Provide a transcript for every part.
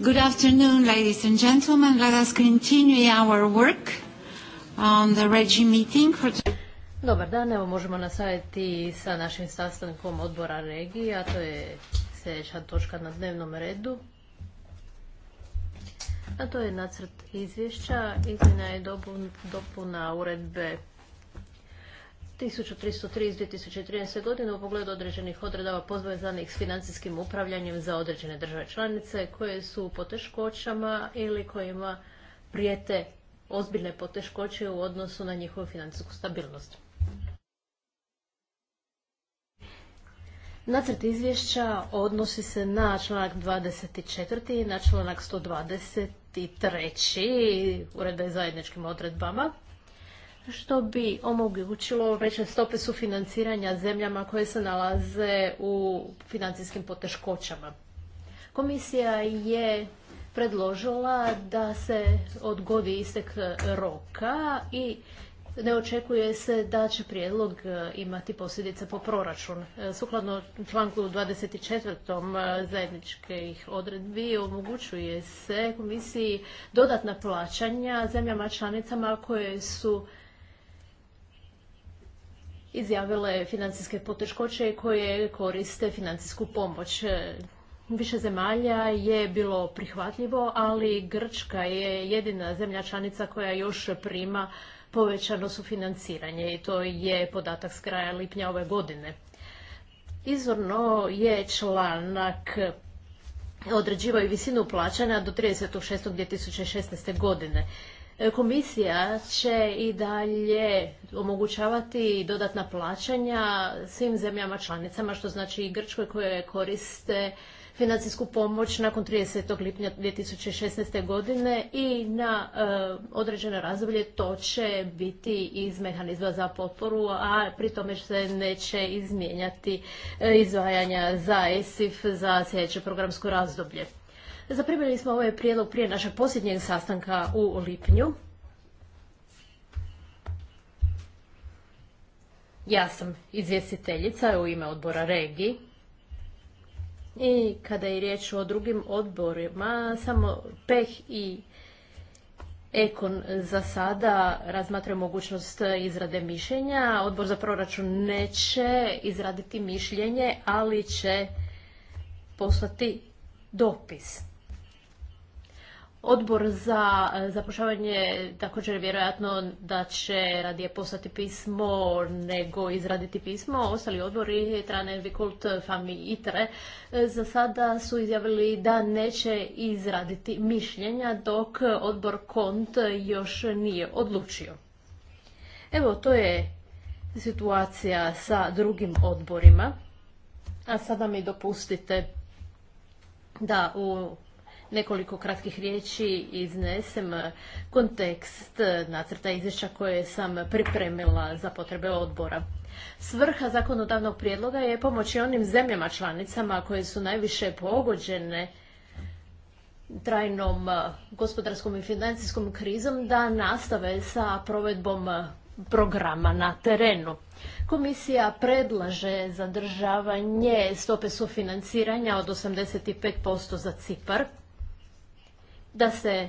Good afternoon, ladies and gentlemen. Let us continue our work on the REGI meeting. For... Dobar dan, evo možemo nastaviti sa našim sastankom odbora REGI, a to je sljedeća točka na dnevnom redu. A to je nacrt izvješća, izmjena i dopuna uredbe 1303 iz 2013. godine u pogledu određenih odredaba povezanih s financijskim upravljanjem za određene države članice koje su u poteškoćama ili kojima prijete ozbiljne poteškoće u odnosu na njihovu financijsku stabilnost. Nacrt izvješća odnosi se na članak 24. i na članak 123. uredbe zajedničkim odredbama što bi omogućilo veće stope sufinanciranja zemljama koje se nalaze u financijskim poteškoćama. Komisija je predložila da se odgodi istek roka i ne očekuje se da će prijedlog imati posljedice po proračun. Sukladno članku 24. zajedničkih odredbi omogućuje se komisiji dodatna plaćanja zemljama članicama koje su izjavile financijske poteškoće koje koriste financijsku pomoć. Više zemalja je bilo prihvatljivo, ali Grčka je jedina zemlja članica koja još prima povećano sufinanciranje i to je podatak s kraja lipnja ove godine. Izvorno je članak i visinu plaćanja do 36.2016. godine. Komisija će i dalje omogućavati dodatna plaćanja svim zemljama članicama, što znači i Grčkoj koje koriste financijsku pomoć nakon 30. lipnja 2016. godine i na e, određeno razdoblje to će biti iz mehanizma za potporu, a pri tome se neće izmijenjati e, izvajanja za ESIF za sljedeće programsko razdoblje. Zaprimili smo ovaj prijedlog prije našeg posljednjeg sastanka u lipnju. Ja sam izvjestiteljica u ime odbora Regi. I kada je riječ o drugim odborima, samo PEH i Ekon za sada razmatra mogućnost izrade mišljenja. Odbor za proračun neće izraditi mišljenje, ali će poslati dopis. Odbor za e, zapošljavanje također vjerojatno da će radije poslati pismo nego izraditi pismo. Ostali odbori, Trane, Vikult, Fami, Itre, e, za sada su izjavili da neće izraditi mišljenja dok odbor KONT još nije odlučio. Evo, to je situacija sa drugim odborima. A sada mi dopustite da u nekoliko kratkih riječi iznesem e, kontekst e, nacrta izvješća koje sam pripremila za potrebe odbora. Svrha zakonodavnog prijedloga je pomoći onim zemljama članicama koje su najviše pogođene trajnom e, gospodarskom i financijskom krizom da nastave sa provedbom programa na terenu. Komisija predlaže zadržavanje stope sufinanciranja od 85% za Cipar da se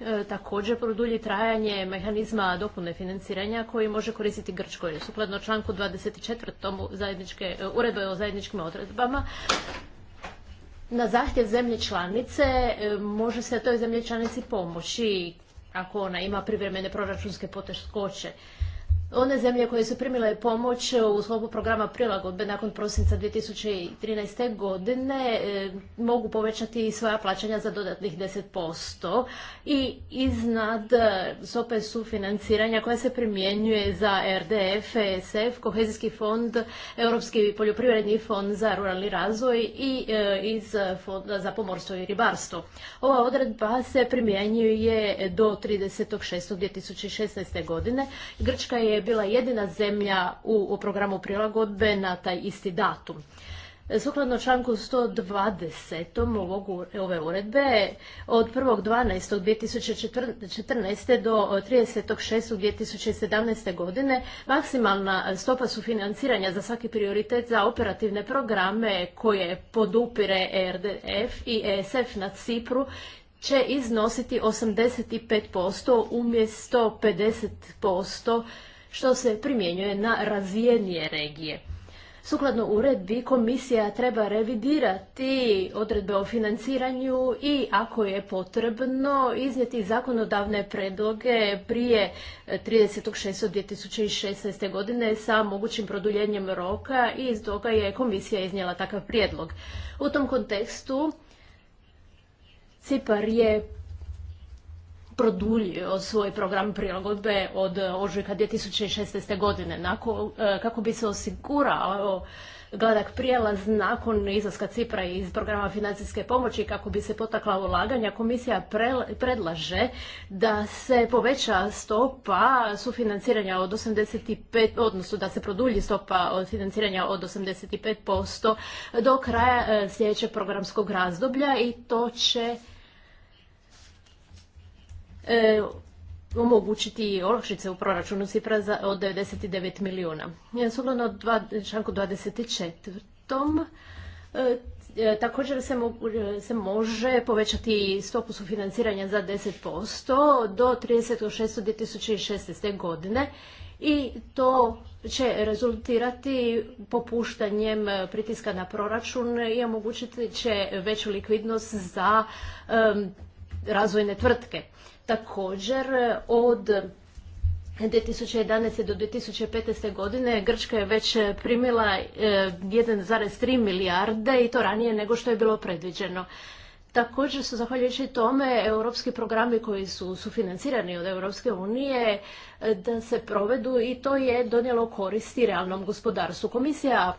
e, također produlji trajanje mehanizma dopune financiranja koji može koristiti Grčkoj. Sukladno članku 24. Zajedničke, e, uredbe o zajedničkim odredbama, na zahtjev zemlje članice e, može se toj zemlji članici pomoći ako ona ima privremene proračunske poteškoće one zemlje koje su primile pomoć u sklopu programa prilagodbe nakon prosinca 2013. godine e, mogu povećati svoja plaćanja za dodatnih 10% i iznad e, stope sufinanciranja koja se primjenjuje za RDF, ESF, Kohezijski fond, Europski poljoprivredni fond za ruralni razvoj i e, iz Fonda za pomorstvo i ribarstvo. Ova odredba se primjenjuje do 30.6.2016. godine. Grčka je je bila jedina zemlja u, programu prilagodbe na taj isti datum. Sukladno članku 120. ovog, ove uredbe od 1.12.2014. do 30.6.2017. godine maksimalna stopa sufinanciranja za svaki prioritet za operativne programe koje podupire e RDF i ESF na Cipru će iznositi 85% umjesto 50% što se primjenjuje na razvijenije regije. Sukladno uredbi komisija treba revidirati odredbe o financiranju i ako je potrebno iznijeti zakonodavne predloge prije 36.2016. godine sa mogućim produljenjem roka i iz toga je komisija iznijela takav prijedlog. U tom kontekstu Cipar je produljio e, svoj program prilagodbe od e, ožujka 2016. godine nakon, e, kako bi se osigurao gladak prijelaz nakon izlaska Cipra iz programa financijske pomoći kako bi se potakla ulaganja, komisija predlaže da se poveća stopa sufinanciranja od 85, odnosno da se produlji stopa od financiranja od 85% do kraja sljedećeg programskog razdoblja i to će e, omogućiti olakšice u proračunu Cipra za, od 99 milijuna. Sukladno članku 24. E, e, također e, se, može povećati stopu sufinanciranja za 10% do 36.2016. godine i to će rezultirati popuštanjem pritiska na proračun i omogućiti će veću likvidnost za razvojne tvrtke. Također, od 2011. do 2015. godine Grčka je već primila 1,3 e, milijarde i to ranije nego što je bilo predviđeno. Također su zahvaljujući tome europski programi koji su sufinancirani od Europske unije e, da se provedu i to je donijelo koristi realnom gospodarstvu. Komisija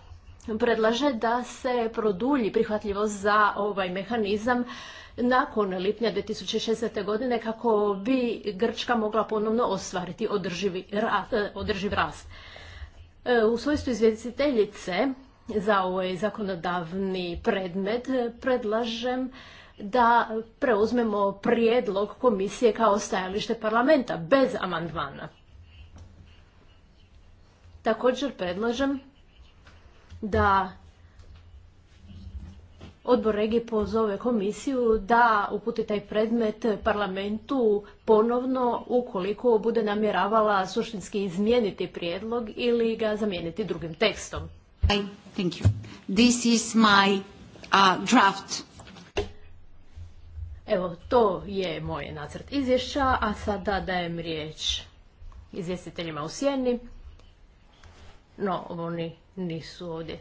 predlaže da se produlji prihvatljivost za ovaj mehanizam nakon lipnja 2016. godine kako bi Grčka mogla ponovno ostvariti e, održiv rast. E, u svojstvu izvjestiteljice za ovaj zakonodavni predmet predlažem da preuzmemo prijedlog komisije kao stajalište parlamenta bez amandmana. Također predlažem da odbor regije pozove komisiju da uputi taj predmet parlamentu ponovno ukoliko bude namjeravala suštinski izmijeniti prijedlog ili ga zamijeniti drugim tekstom. Uh, Evo, to je moj nacrt izvješća, a sada dajem riječ izvjestiteljima u sjeni. No, oni nisu ovdje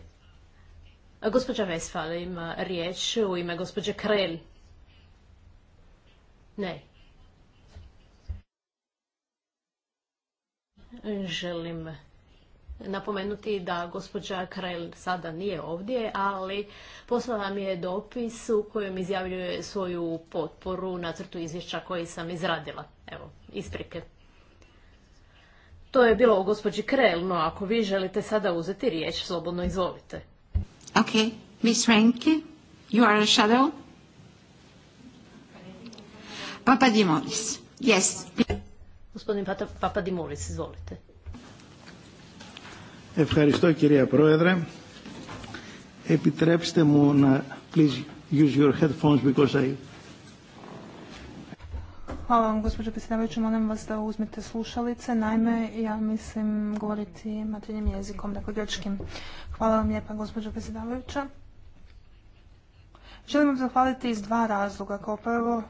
Gospođa Vesfal ima riječ u ime gospođe Krel. Ne. Želim napomenuti da gospođa Krel sada nije ovdje, ali poslala mi je dopis u kojem izjavljuje svoju potporu na crtu izvješća koji sam izradila. Evo, isprike. To je bilo o gospođi Krel, no ako vi želite sada uzeti riječ, slobodno izvolite. Okay. Ms. Renke, you are a shadow? Papadimoulis. Yes. Gospodin Papadimoulis, izvolite. Ευχαριστώ κυρία Πρόεδρε. Επιτρέψτε μου να... Please use your headphones because I Hvala vam, gospođo predsjedavajuća. Molim vas da uzmete slušalice. Naime, ja mislim govoriti materijnim jezikom, dakle grčkim. Hvala vam lijepa, gospođo predsjedavajuća. Želim vam zahvaliti iz dva razloga. Kao prvo,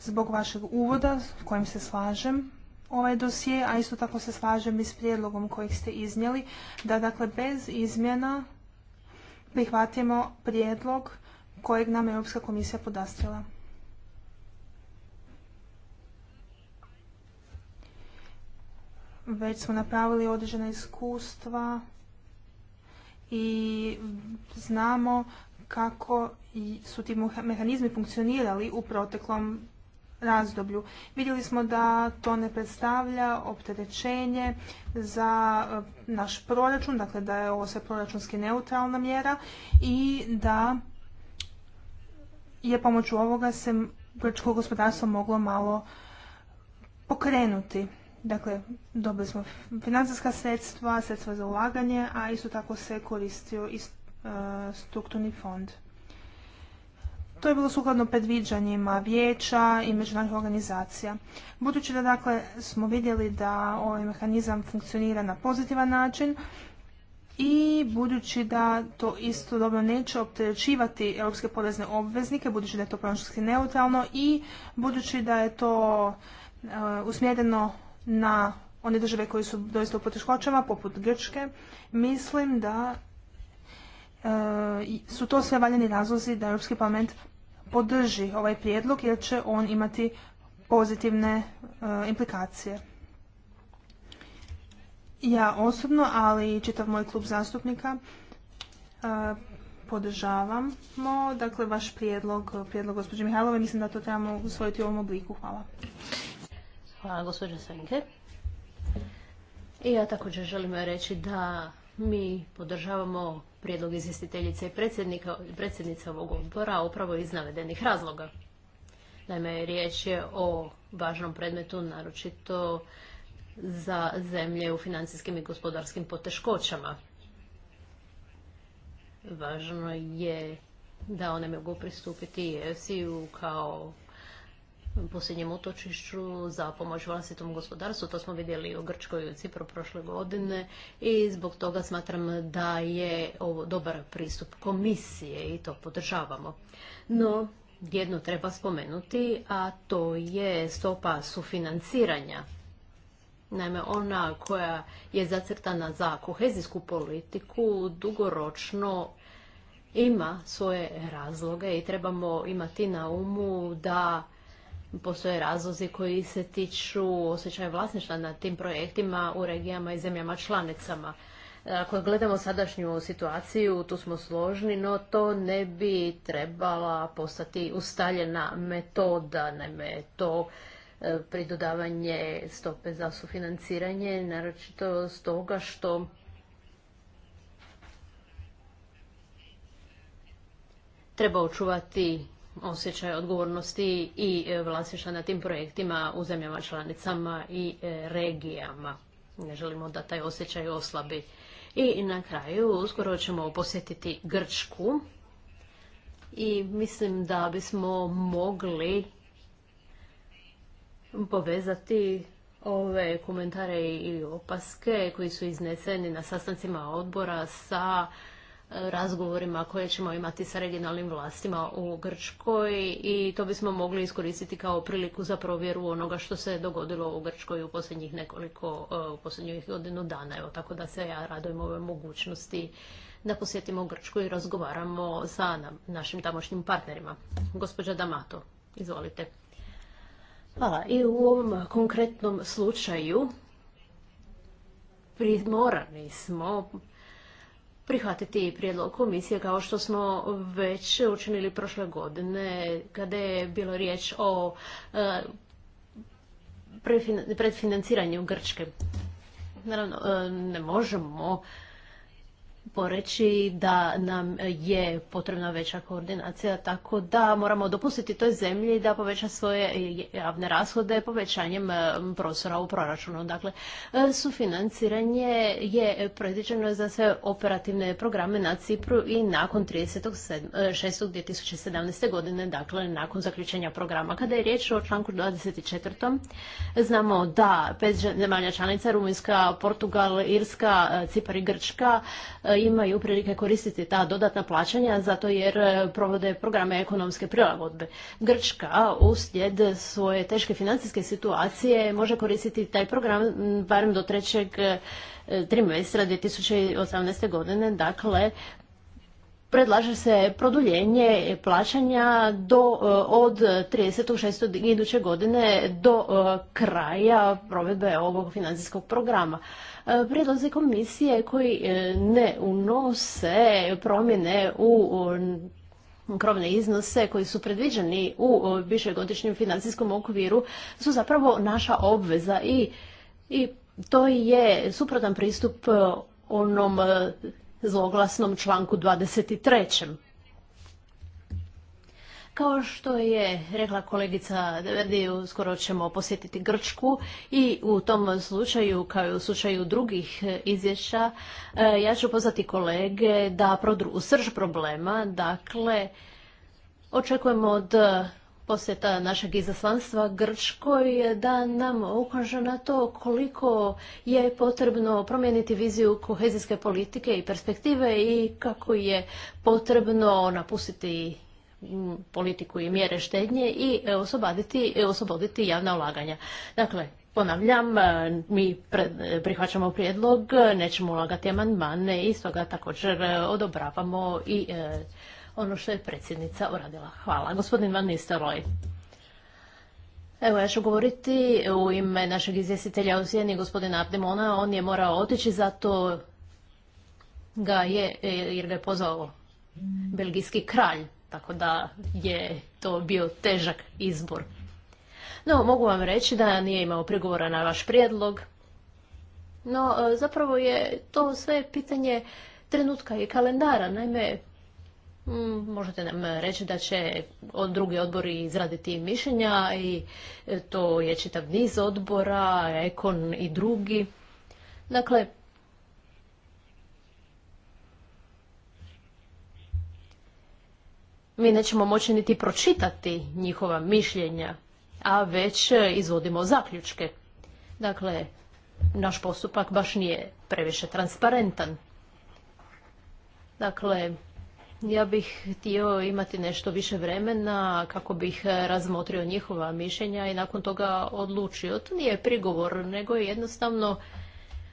zbog vašeg uvoda s kojim se slažem ovaj dosije, a isto tako se slažem i s prijedlogom kojeg ste iznijeli, da dakle bez izmjena prihvatimo prijedlog kojeg nam je Europska komisija podastrila. već smo napravili određena iskustva i znamo kako su ti mehanizmi funkcionirali u proteklom razdoblju. Vidjeli smo da to ne predstavlja opterećenje za e, naš proračun, dakle da je ovo sve proračunski neutralna mjera i da je pomoću ovoga se grčko gospodarstvo moglo malo pokrenuti. Dakle, dobili smo financijska sredstva, sredstva za ulaganje, a isto tako se koristio i e, strukturni fond. To je bilo sukladno predviđanjima vijeća i međunarodnih organizacija. Budući da dakle smo vidjeli da ovaj mehanizam funkcionira na pozitivan način i budući da to isto dobro neće opterećivati europske porezne obveznike, budući da je to proračunski neutralno i budući da je to e, usmjereno na one države koje su doista u poteškoćama, poput Grčke, mislim da e, su to sve valjani razlozi da Europski parlament podrži ovaj prijedlog jer će on imati pozitivne e, implikacije. Ja osobno, ali i čitav moj klub zastupnika e, podržavamo dakle, vaš prijedlog, prijedlog gospođe Mihajlove. Mislim da to trebamo usvojiti u ovom obliku. Hvala. Hvala, gospođa Senke. I ja također želim reći da mi podržavamo prijedlog izvjestiteljice i predsjednice ovog odbora upravo iz navedenih razloga. Naime, riječ je o važnom predmetu, naročito za zemlje u financijskim i gospodarskim poteškoćama. Važno je da one mogu pristupiti EFSI-u kao posljednjem utočišću za pomoć vlastitom gospodarstvu. To smo vidjeli u Grčkoj i u Cipru prošle godine i zbog toga smatram da je ovo dobar pristup komisije i to podržavamo. No, jedno treba spomenuti, a to je stopa sufinanciranja. Naime, ona koja je zacrtana za kohezijsku politiku dugoročno ima svoje razloge i trebamo imati na umu da postoje razlozi koji se tiču osjećaja vlasništva na tim projektima u regijama i zemljama članicama. Ako gledamo sadašnju situaciju, tu smo složni, no to ne bi trebala postati ustaljena metoda, naime to e, pridodavanje stope za sufinanciranje, naročito stoga što treba očuvati osjećaj odgovornosti i e, vlasništva na tim projektima u zemljama članicama i e, regijama. Ne želimo da taj osjećaj oslabi. I na kraju uskoro ćemo posjetiti Grčku i mislim da bismo mogli povezati ove komentare i opaske koji su izneseni na sastancima odbora sa razgovorima koje ćemo imati sa regionalnim vlastima u Grčkoj i to bismo mogli iskoristiti kao priliku za provjeru onoga što se dogodilo u Grčkoj u posljednjih nekoliko, e, u posljednjih godinu dana. Evo, tako da se ja radujem ove mogućnosti da posjetimo Grčku i razgovaramo sa našim tamošnjim partnerima. Gospođa Damato, izvolite. Hvala. I u ovom konkretnom slučaju primorani smo prihvatiti prijedlog komisije kao što smo već učinili prošle godine kada je bilo riječ o e, predfinanciranju Grčke. Naravno, e, ne možemo poreći da nam je potrebna veća koordinacija, tako da moramo dopustiti toj zemlji da poveća svoje javne rashode povećanjem e, prostora u proračunu. Dakle, e, sufinanciranje je predviđeno za sve operativne programe na Cipru i nakon 36.2017. E, godine, dakle nakon zaključenja programa. Kada je riječ o članku 24. znamo da pet zemalja članica, Rumunjska, Portugal, Irska, Cipar i Grčka, imaju prilike koristiti ta dodatna plaćanja zato jer e, provode programe ekonomske prilagodbe. Grčka uslijed svoje teške financijske situacije može koristiti taj program barem do trećeg e, trimestra 2018. godine, dakle predlaže se produljenje plaćanja do, e, od 36. iduće godine do kraja provedbe ovog financijskog programa. E, prijedlozi komisije koji e, ne unose promjene u krovne iznose koji su predviđeni u višegodišnjem financijskom okviru su zapravo naša obveza i, i to je suprotan pristup onom e, zloglasnom članku 23. Kao što je rekla kolegica Deverdiju, skoro ćemo posjetiti Grčku i u tom slučaju, kao i u slučaju drugih e, izvješća, e, ja ću pozvati kolege da prodru u srž problema. Dakle, očekujemo od posjeta našeg izaslanstva Grčkoj da nam ukaže na to koliko je potrebno promijeniti viziju kohezijske politike i perspektive i kako je potrebno napustiti Mm, politiku i mjere štednje i e, osoboditi, e, javna ulaganja. Dakle, ponavljam, e, mi prihvaćamo prijedlog, nećemo ulagati amandmane i stoga također odobravamo i ono što je predsjednica uradila. Hvala. Gospodin Van Evo, ja ću govoriti u ime našeg izvjestitelja u Sjeni, gospodina Abdemona. On je morao otići, zato ga je, jer ga je pozvao belgijski kralj tako da je to bio težak izbor. No, mogu vam reći da nije imao prigovora na vaš prijedlog, no e, zapravo je to sve pitanje trenutka i kalendara. Naime, možete nam reći da će drugi odbori izraditi mišljenja i e, to je čitav niz odbora, ekon i drugi. Dakle, mi nećemo moći niti pročitati njihova mišljenja, a već izvodimo zaključke. Dakle, naš postupak baš nije previše transparentan. Dakle, ja bih htio imati nešto više vremena kako bih razmotrio njihova mišljenja i nakon toga odlučio. To nije prigovor, nego je jednostavno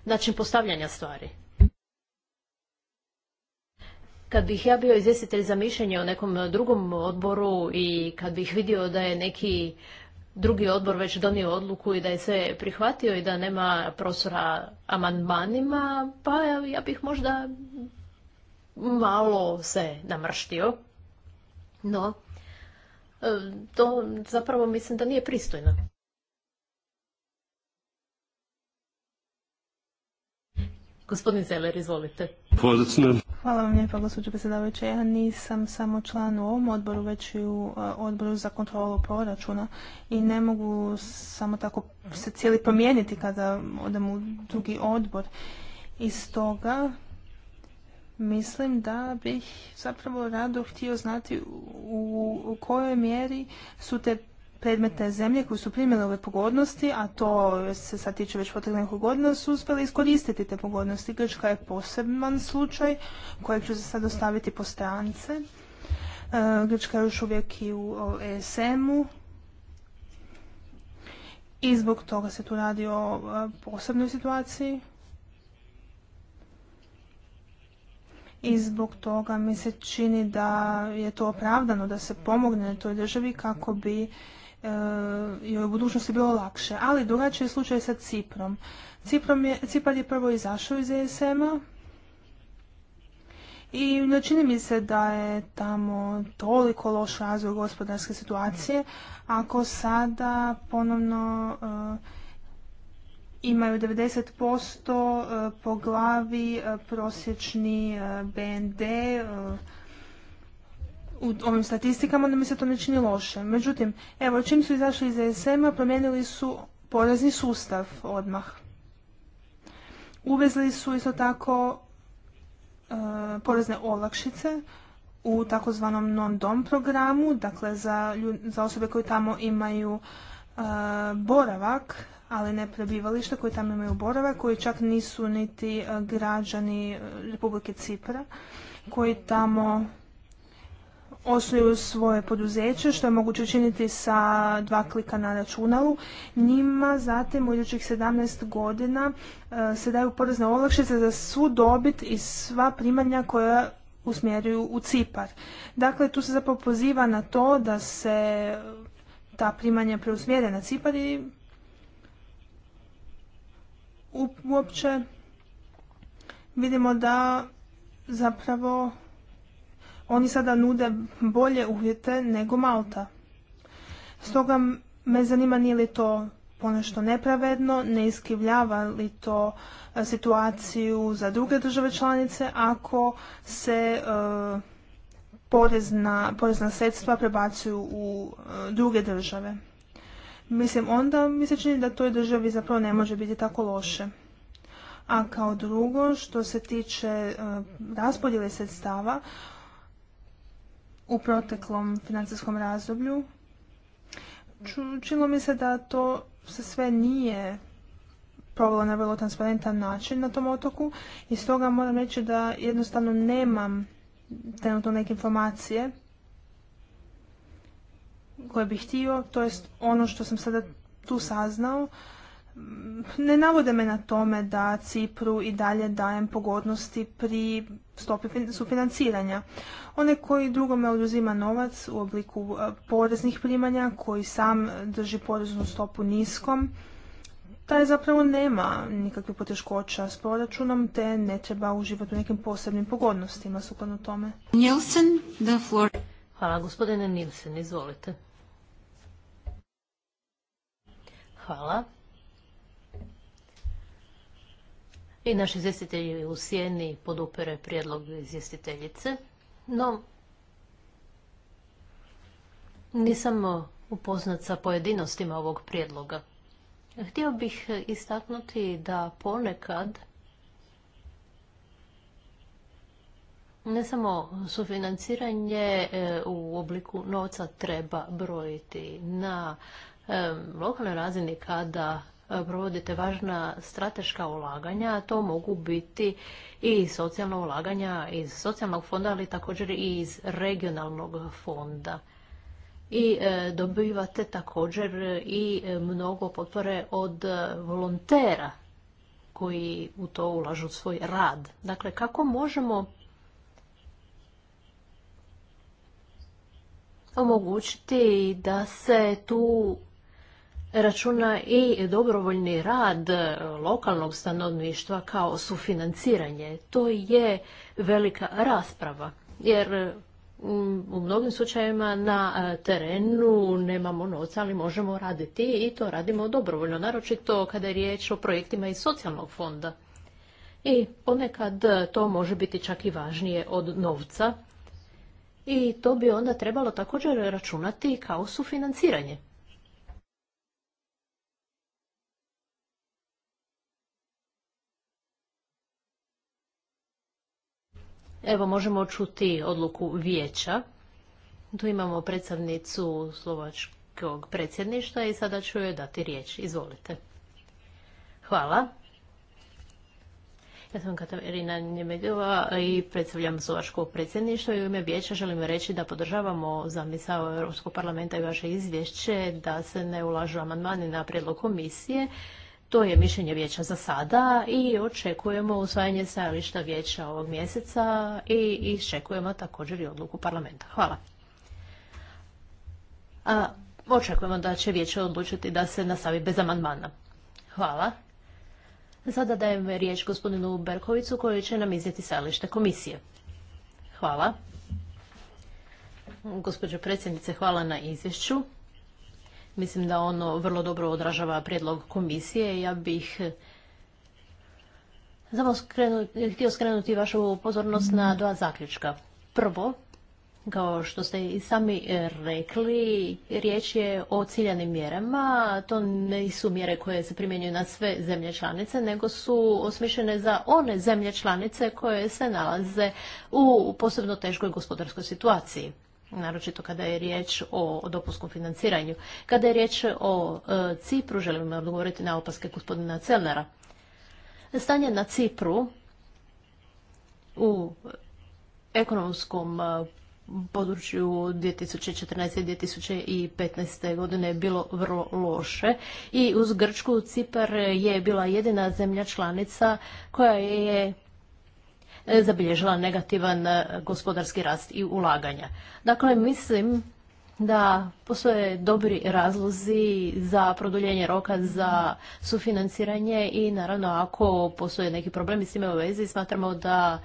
način postavljanja stvari kad bih ja bio izvjestitelj za mišljenje o nekom drugom odboru i kad bih vidio da je neki drugi odbor već donio odluku i da je sve prihvatio i da nema prostora amandmanima, pa ja bih možda malo se namrštio. No, e, to zapravo mislim da nije pristojno. Gospodin Zeller, izvolite. Hvala vam lijepa, gospođo predsjedavajuća. Ja nisam samo član u ovom odboru, već i u e, odboru za kontrolu proračuna i ne mogu samo tako se cijeli promijeniti kada odem u drugi odbor. I stoga mislim da bih zapravo rado htio znati u kojoj mjeri su te Predmete zemlje koje su primjele ove pogodnosti, a to se sad tiče već potrebne nekog godina, su uspjele iskoristiti te pogodnosti. Grčka je poseban slučaj kojeg ću se sad ostaviti po strance. E, Grčka je još uvijek i u ESM-u i zbog toga se tu radi o e, posebnoj situaciji. i zbog toga mi se čini da je to opravdano da se pomogne toj državi kako bi je eh, u budućnosti bilo lakše. Ali drugačiji je slučaj sa Ciprom. Ciprom je, Cipar je prvo izašao iz ESM-a i ne čini mi se da je tamo toliko loš razvoj gospodarske situacije ako sada ponovno eh, imaju 90% eh, po glavi prosječni BND u ovim statistikama, da mi se to ne čini loše. Međutim, evo, čim su izašli iz ESM-a, promijenili su porezni sustav odmah. Uvezli su isto tako e, porezne olakšice u takozvanom non-dom programu, dakle za, osobe koje tamo imaju e, boravak, ali ne prebivalište, koji tamo imaju boravak, koji čak nisu niti e, građani Republike Cipra, koji tamo osnuju svoje poduzeće, što je moguće učiniti sa dva klika na računalu, njima zatim u idućih 17 godina e, se daju porezne olakšice za svu dobit i sva primanja koja usmjeruju u Cipar. Dakle, tu se zapravo poziva na to da se ta primanja preusmjere na Cipar i uopće vidimo da zapravo oni sada nude bolje uvjete nego Malta. Stoga me zanima nije li to ponešto nepravedno, ne iskrivljava li to e, situaciju za druge države članice ako se e, porezna, sredstva prebacuju u e, druge države. Mislim, onda mi se čini da toj državi zapravo ne može biti tako loše. A kao drugo, što se tiče raspodjele sredstava, u proteklom financijskom razdoblju. Činilo mi se da to se sve nije provelo na vrlo transparentan način na tom otoku i stoga moram reći da jednostavno nemam trenutno neke informacije koje bih htio, to jest ono što sam sada tu saznao, ne navode me na tome da Cipru i dalje dajem pogodnosti pri stopi sufinanciranja. One koji drugome oduzima novac u obliku e, poreznih primanja, koji sam drži poreznu stopu niskom, taj zapravo nema nikakve poteškoća s proračunom, te ne treba uživati u nekim posebnim pogodnostima sukladno tome. Nielsen, the floor. Hvala, gospodine Nielsen, izvolite. Hvala. i naš izvjestitelj u sjeni podupere prijedlog izvjestiteljice, no nisam upoznat sa pojedinostima ovog prijedloga. Htio bih istaknuti da ponekad ne samo sufinanciranje e, u obliku novca treba brojiti na e, lokalnoj razini kada E, provodite važna strateška ulaganja, to mogu biti i socijalna ulaganja iz socijalnog fonda, ali također i iz regionalnog fonda. I e, dobivate također i e, mnogo potpore od volontera koji u to ulažu svoj rad. Dakle, kako možemo omogućiti da se tu računa i dobrovoljni rad lokalnog stanovništva kao sufinanciranje. To je velika rasprava jer mm, u mnogim slučajevima na e, terenu nemamo novca, ali možemo raditi i to radimo dobrovoljno, naročito kada je riječ o projektima iz socijalnog fonda. I ponekad to može biti čak i važnije od novca i to bi onda trebalo također računati kao sufinanciranje. Evo možemo čuti odluku vijeća. Tu imamo predstavnicu slovačkog predsjedništva i sada ću joj dati riječ. Izvolite. Hvala. Ja sam Katarina Njemedova i predstavljam Slovačko predsjedništvo i u ime vijeća želim reći da podržavamo zamisao Europskog parlamenta i vaše izvješće da se ne ulažu amandmani na prijedlog komisije to je mišljenje vijeća za sada i očekujemo usvajanje stajališta vijeća ovog mjeseca i iščekujemo također i odluku parlamenta. Hvala. A, očekujemo da će vijeće odlučiti da se nastavi bez amandmana. Hvala. Sada dajem riječ gospodinu Berkovicu koji će nam iznijeti stajalište komisije. Hvala. Gospođo predsjednice, hvala na izvješću. Mislim da ono vrlo dobro odražava prijedlog komisije. Ja bih eh, samo htio skrenuti vašu pozornost na dva zaključka. Prvo, kao što ste i sami eh, rekli, riječ je o ciljanim mjerama. To nisu mjere koje se primjenjuju na sve zemlje članice, nego su osmišljene za one zemlje članice koje se nalaze u posebno teškoj gospodarskoj situaciji naročito kada je riječ o dopuskom financiranju. Kada je riječ o e, Cipru, želim odgovoriti na opaske gospodina Celnera. Stanje na Cipru u ekonomskom e, području 2014. i 2015. godine je bilo vrlo loše i uz Grčku Cipar je bila jedina zemlja članica koja je E, zabilježila negativan e, gospodarski rast i ulaganja. Dakle, mislim da postoje dobri razlozi za produljenje roka za sufinanciranje i naravno ako postoje neki problemi s time u vezi, smatramo da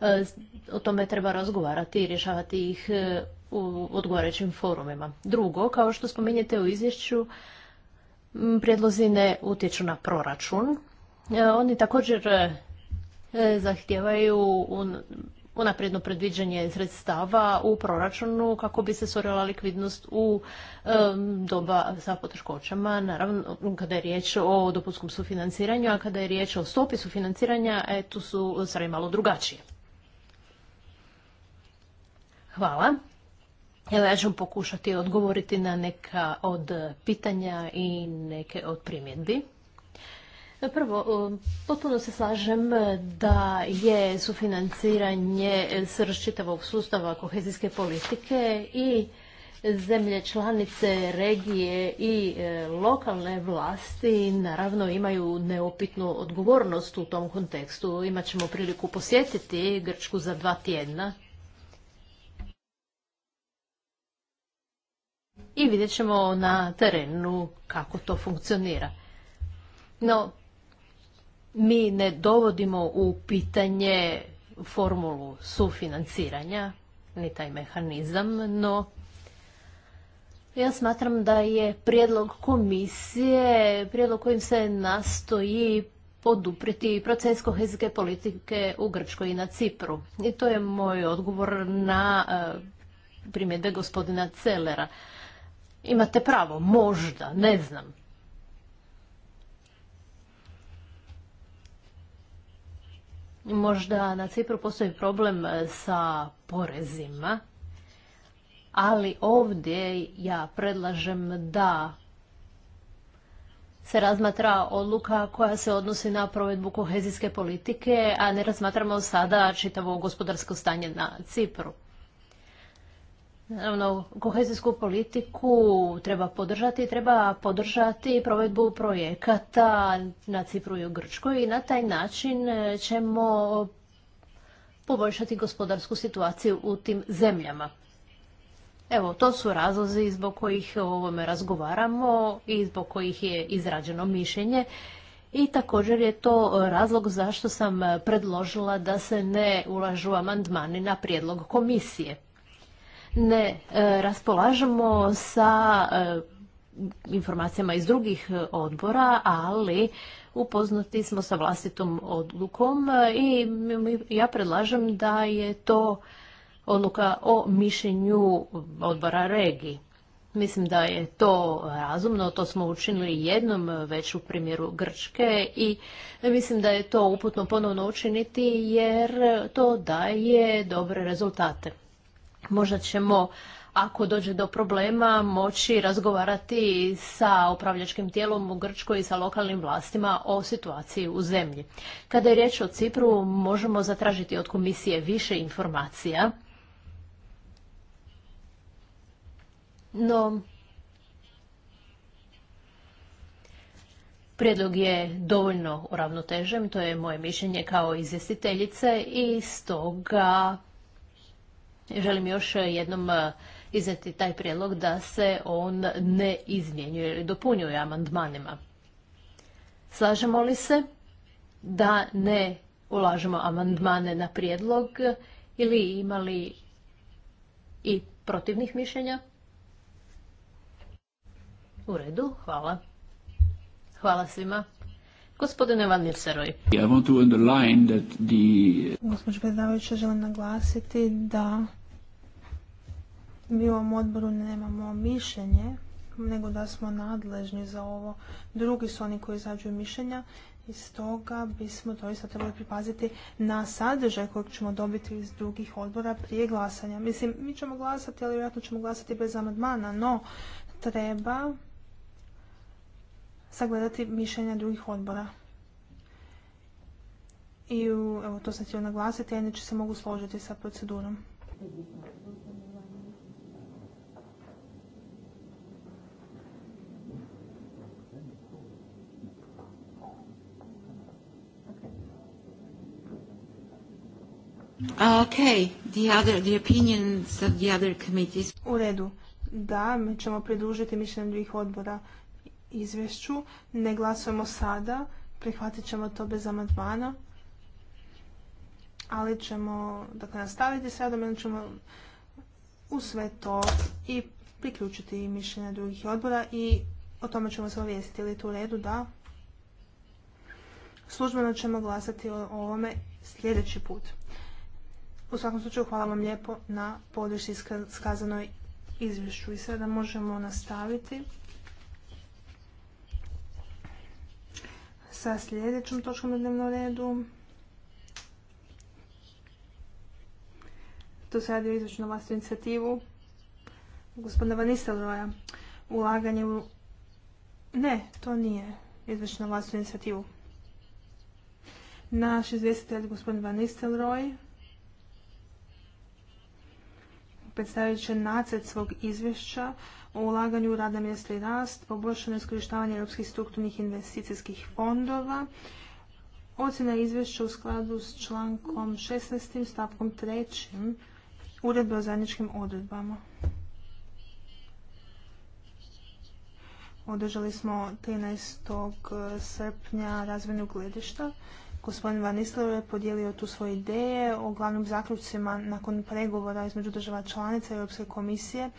e, o tome treba razgovarati i rješavati ih u odgovarajućim forumima. Drugo, kao što spominjete u izvješću, prijedlozi ne utječu na proračun. Oni također E, zahtijevaju unapredno predviđanje sredstava u proračunu kako bi se stvorila likvidnost u doba sa poteškoćama, naravno kada je riječ o dopunskom sufinanciranju, a kada je riječ o stopi sufinanciranja, e, tu su stvari malo drugačije. Hvala. Evo ja ću pokušati odgovoriti na neka od pitanja i neke od primjedbi. Prvo, potpuno se slažem da je sufinanciranje srž čitavog sustava kohezijske politike i zemlje članice, regije i e, lokalne vlasti naravno imaju neopitnu odgovornost u tom kontekstu. Imaćemo priliku posjetiti Grčku za dva tjedna. I vidjet ćemo na terenu kako to funkcionira. No, mi ne dovodimo u pitanje formulu sufinanciranja, ni taj mehanizam, no ja smatram da je prijedlog komisije, prijedlog kojim se nastoji podupriti proces kohezijske politike u Grčkoj i na Cipru. I to je moj odgovor na e, primjedbe gospodina Celera. Imate pravo, možda, ne znam. Možda na Cipru postoji problem e, sa porezima, ali ovdje ja predlažem da se razmatra odluka koja se odnosi na provedbu kohezijske politike, a ne razmatramo sada čitavo gospodarsko stanje na Cipru. Naravno, kohezijsku politiku treba podržati, treba podržati provedbu projekata na Cipru i u Grčkoj i na taj način e, ćemo poboljšati gospodarsku situaciju u tim zemljama. Evo, to su razlozi zbog kojih o ovome razgovaramo i zbog kojih je izrađeno mišljenje. I također je to razlog zašto sam predložila da se ne ulažu amandmani na prijedlog komisije ne e, raspolažemo sa e, informacijama iz drugih e, odbora, ali upoznati smo sa vlastitom odlukom i ja predlažem da je to odluka o mišljenju odbora regiji. Mislim da je to razumno, to smo učinili jednom već u primjeru Grčke i mislim da je to uputno ponovno učiniti jer to daje dobre rezultate. Možda ćemo ako dođe do problema moći razgovarati sa upravljačkim tijelom u Grčkoj i sa lokalnim vlastima o situaciji u zemlji. Kada je riječ o Cipru, možemo zatražiti od komisije više informacija. No, Prijedlog je dovoljno uravnotežen, to je moje mišljenje kao izvjestiteljice i stoga Želim još e, jednom e, izneti taj prijedlog da se on ne izmjenjuje ili dopunjuje amandmanima. Slažemo li se da ne ulažemo amandmane na prijedlog ili imali i protivnih mišljenja? U redu, hvala. Hvala svima. Gospodine Van Nilseroj. Gospodine želim naglasiti da mi u ovom odboru nemamo mišljenje, nego da smo nadležni za ovo. Drugi su oni koji izrađuju mišljenja i stoga bismo doista trebali pripaziti na sadržaj kojeg ćemo dobiti iz drugih odbora prije glasanja. Mislim, mi ćemo glasati, ali vjerojatno ćemo glasati bez amandmana, no treba sagledati mišljenja drugih odbora. I evo, to sam htio naglasiti, a inače se mogu složiti sa procedurom. Okay, the other, the opinions of the other committees. U redu. Da, mi ćemo pridružiti mišljenje drugih odbora izvješću. Ne glasujemo sada, prihvatit ćemo to bez amandmana, ali ćemo dakle, nastaviti sada mi ćemo u sve to i priključiti mišljenje drugih odbora i o tome ćemo se ovijestiti. Ili to u redu? Da. Službeno ćemo glasati o ovome sljedeći put. U svakom slučaju hvala vam lijepo na podršci skazanoj izvješću. I sada možemo nastaviti sa sljedećom točkom na dnevnom redu. To se radi o na vlastnu inicijativu gospodina Vanistelroja. Ulaganje u... Ne, to nije na vlastnu inicijativu. Naš izvjestitelj gospodin Van Nistelrooy predstavit će nacrt svog izvješća o ulaganju u radna mjesta i rast, poboljšano iskorištavanje europskih strukturnih investicijskih fondova, ocjena izvješća u skladu s člankom 16. stavkom 3. uredbe o zajedničkim odredbama. Održali smo 13. srpnja razvojnog gledišta Gospodin Van je podijelio tu svoje ideje o glavnim zaključcima nakon pregovora između država članica Europske komisije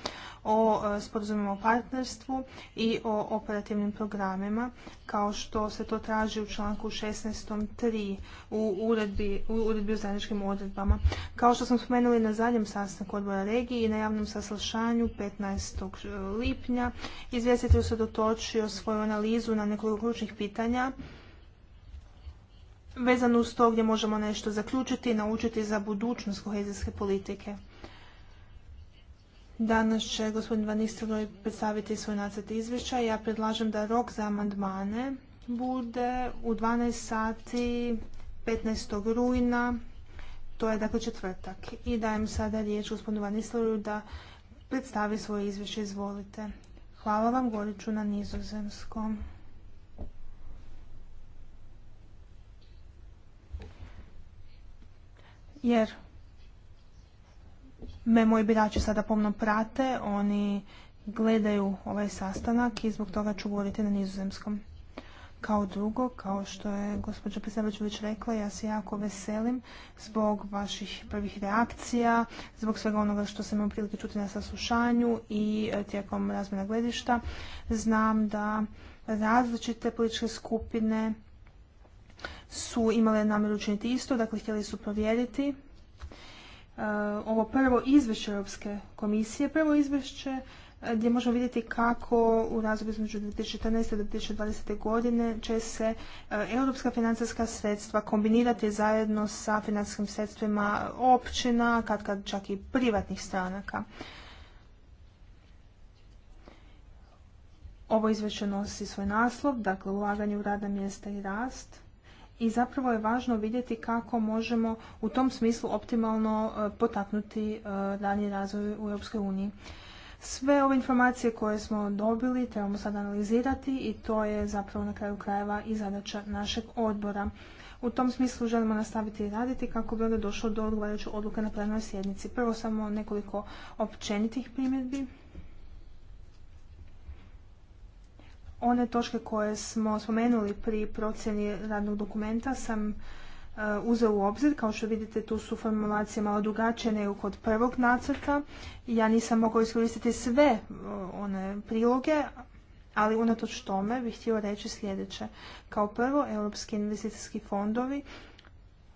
o e, sporazumima o partnerstvu i o operativnim programima, kao što se to traži u članku 16.3 u uredbi, u uredbi o zajedničkim odredbama. Kao što smo spomenuli na zadnjem sastanku odbora regiji i na javnom saslušanju 15. lipnja, izvjestitelj se dotočio svoju analizu na nekoliko ključnih pitanja vezano uz to gdje možemo nešto zaključiti i naučiti za budućnost kohezijske politike. Danas će gospodin Van predstaviti svoj nacrt izvješća. Ja predlažem da rok za amandmane bude u 12 sati 15. rujna, to je dakle četvrtak. I dajem sada riječ gospodinu Van da predstavi svoje izvješće. Izvolite. Hvala vam, Goriću na nizozemskom. jer me moji birači sada pomno prate, oni gledaju ovaj sastanak i zbog toga ću govoriti na nizozemskom. Kao drugo, kao što je gospođa Pisabeć već rekla, ja se jako veselim zbog vaših prvih reakcija, zbog svega onoga što sam imao prilike čuti na saslušanju i e, tijekom razmjena gledišta. Znam da različite političke skupine su imale namjeru učiniti isto, dakle htjeli su provjeriti e, ovo prvo izvješće Europske komisije, prvo izvješće e, gdje možemo vidjeti kako u razdoblju između 2014. i 2020. godine će se e, europska financijska sredstva kombinirati zajedno sa financijskim sredstvima općina, kad kad čak i privatnih stranaka. Ovo izvješće nosi svoj naslov, dakle ulaganje u radna mjesta i rast i zapravo je važno vidjeti kako možemo u tom smislu optimalno e, potaknuti e, dalji razvoj u Europskoj uniji. Sve ove informacije koje smo dobili trebamo sad analizirati i to je zapravo na kraju krajeva i zadaća našeg odbora. U tom smislu želimo nastaviti raditi kako bi onda došlo do odgovarajuće odluke na plenoj sjednici. Prvo samo nekoliko općenitih primjedbi. one točke koje smo spomenuli pri procjeni radnog dokumenta sam e, uzeo u obzir. Kao što vidite, tu su formulacije malo drugačije nego kod prvog nacrta. Ja nisam mogla iskoristiti sve e, one priloge, ali unatoč tome bih htio reći sljedeće. Kao prvo, europski investicijski fondovi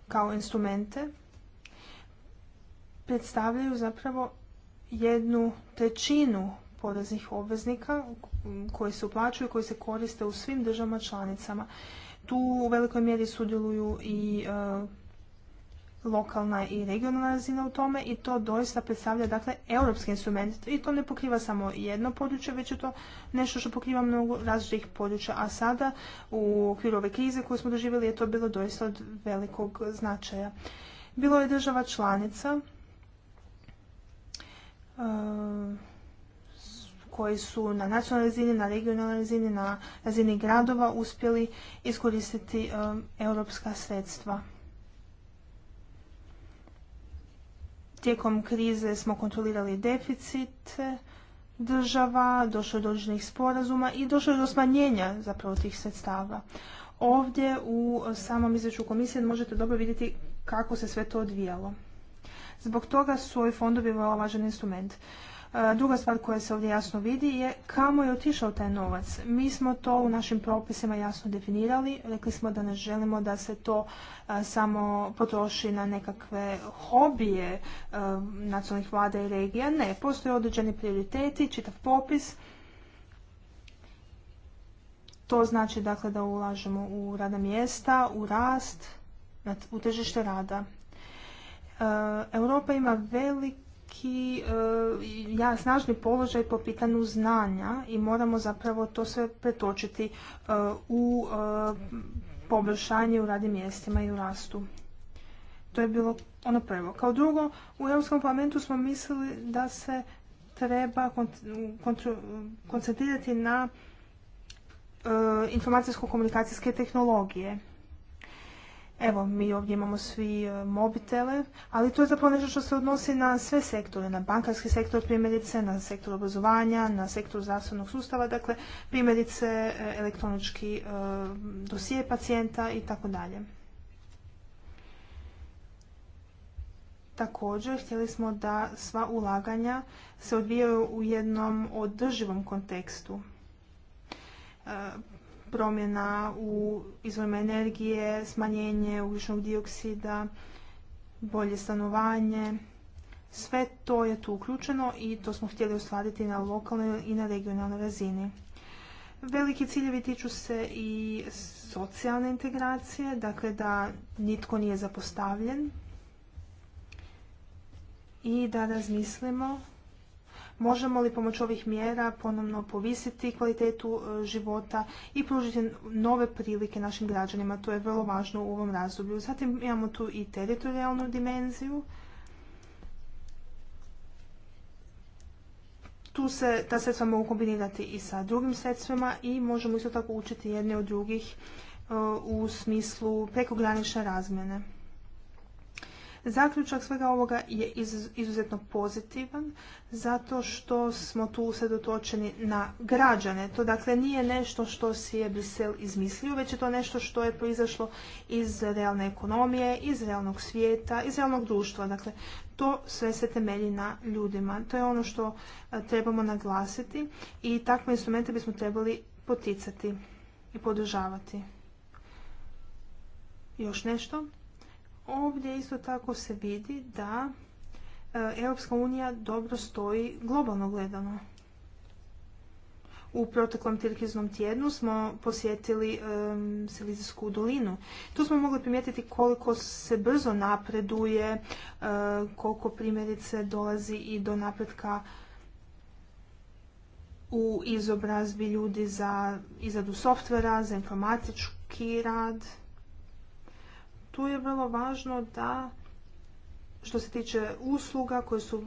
kao instrumente predstavljaju zapravo jednu trećinu poreznih obveznika koji se uplaćuju i koji se koriste u svim državama članicama. Tu u velikoj mjeri sudjeluju i e, lokalna i regionalna razina u tome i to doista predstavlja dakle europski instrument i to ne pokriva samo jedno područje već je to nešto što pokriva mnogo različitih područja a sada u okviru ove krize koju smo doživjeli je to bilo doista od velikog značaja. Bilo je država članica e, koji su na nacionalnoj razini, na regionalnoj razini, na razini gradova uspjeli iskoristiti um, europska sredstva. Tijekom krize smo kontrolirali deficit država, došlo je do određenih sporazuma i došlo je do smanjenja zapravo tih sredstava. Ovdje u samom izvješću komisije možete dobro vidjeti kako se sve to odvijalo. Zbog toga su ovi fondovi vrlo važan instrument. E, druga stvar koja se ovdje jasno vidi je kamo je otišao taj novac. Mi smo to u našim propisima jasno definirali. Rekli smo da ne želimo da se to e, samo potroši na nekakve hobije e, nacionalnih vlada i regija. Ne, postoje određeni prioriteti, čitav popis. To znači dakle da ulažemo u rada mjesta, u rast, u tržište rada. Europa ima velik neki e, ja, snažni položaj po pitanju znanja i moramo zapravo to sve pretočiti e, u e, poboljšanje u radnim mjestima i u rastu. To je bilo ono prvo. Kao drugo, u Europskom parlamentu smo mislili da se treba koncentrirati na informacijsko-komunikacijske tehnologije. Evo, mi ovdje imamo svi e, mobitele, ali to je zapravo nešto što se odnosi na sve sektore, na bankarski sektor primjerice, na sektor obrazovanja, na sektor zdravstvenog sustava, dakle primjerice e, elektronički e, dosije pacijenta i tako dalje. Također, htjeli smo da sva ulaganja se odvijaju u jednom održivom kontekstu promjena u izvorima energije, smanjenje ugljičnog dioksida, bolje stanovanje. Sve to je tu uključeno i to smo htjeli ostvariti na lokalnoj i na regionalnoj razini. Veliki ciljevi tiču se i socijalne integracije, dakle da nitko nije zapostavljen i da razmislimo Možemo li pomoću ovih mjera ponovno povisiti kvalitetu e, života i pružiti nove prilike našim građanima? To je vrlo važno u ovom razdoblju. Zatim imamo tu i teritorijalnu dimenziju. Tu se ta sredstva mogu kombinirati i sa drugim sredstvima i možemo isto tako učiti jedne od drugih e, u smislu prekogranične razmjene. Zaključak svega ovoga je izuzetno pozitivan zato što smo tu usredotočeni na građane. To dakle nije nešto što si je Brisel izmislio, već je to nešto što je proizašlo iz realne ekonomije, iz realnog svijeta, iz realnog društva. Dakle, to sve se temelji na ljudima. To je ono što e, trebamo naglasiti i takve instrumente bismo trebali poticati i podržavati. Još nešto? Ovdje isto tako se vidi da e, Europska unija dobro stoji globalno gledano. U proteklom tirkiznom tjednu smo posjetili um, Silizijsku dolinu. Tu smo mogli primijetiti koliko se brzo napreduje, e, koliko primjerice dolazi i do napretka u izobrazbi ljudi za izradu softvera, za informatički rad tu je vrlo važno da što se tiče usluga koje su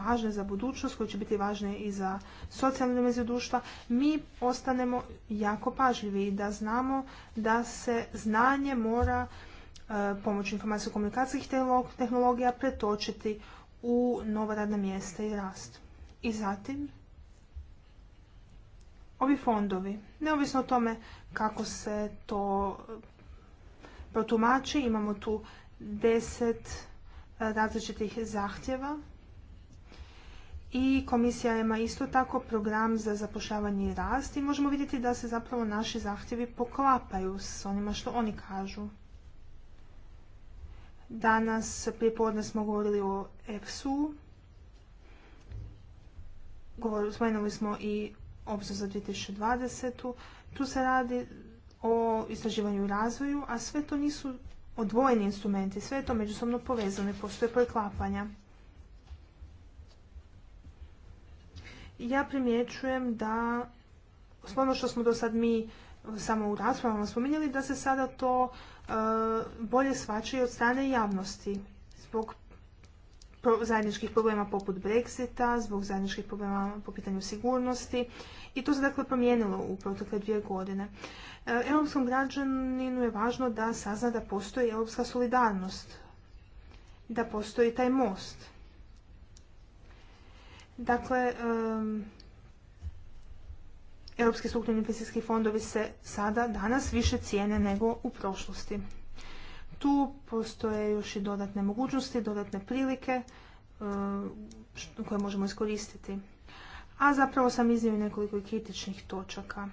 važne za budućnost, koje će biti važne i za socijalnu dimenziju društva, mi ostanemo jako pažljivi i da znamo da se znanje mora e, pomoću informacijsko-komunikacijskih tehnologija pretočiti u nova radna mjesta i rast. I zatim, ovi fondovi, neovisno o tome kako se to protumači. Imamo tu deset e, različitih zahtjeva i komisija ima isto tako program za zapošljavanje i rast i možemo vidjeti da se zapravo naši zahtjevi poklapaju s onima što oni kažu. Danas prije podne smo govorili o EFSU, spomenuli smo i obzor za 2020. Tu se radi o istraživanju i razvoju, a sve to nisu odvojeni instrumenti, sve je to međusobno povezano i postoje preklapanja. Ja primjećujem da ono što smo do sad mi samo u raspravama spominjali, da se sada to e, bolje svača od strane javnosti zbog zajedničkih problema poput Brexita, zbog zajedničkih problema po pitanju sigurnosti i to se dakle promijenilo u protekle dvije godine. E, europskom građaninu je važno da sazna da postoji europska solidarnost, da postoji taj most. Dakle, europski strukturni investicijski fondovi se sada danas više cijene nego u prošlosti tu postoje još i dodatne mogućnosti, dodatne prilike e, koje možemo iskoristiti. A zapravo sam iznio nekoliko kritičnih točaka.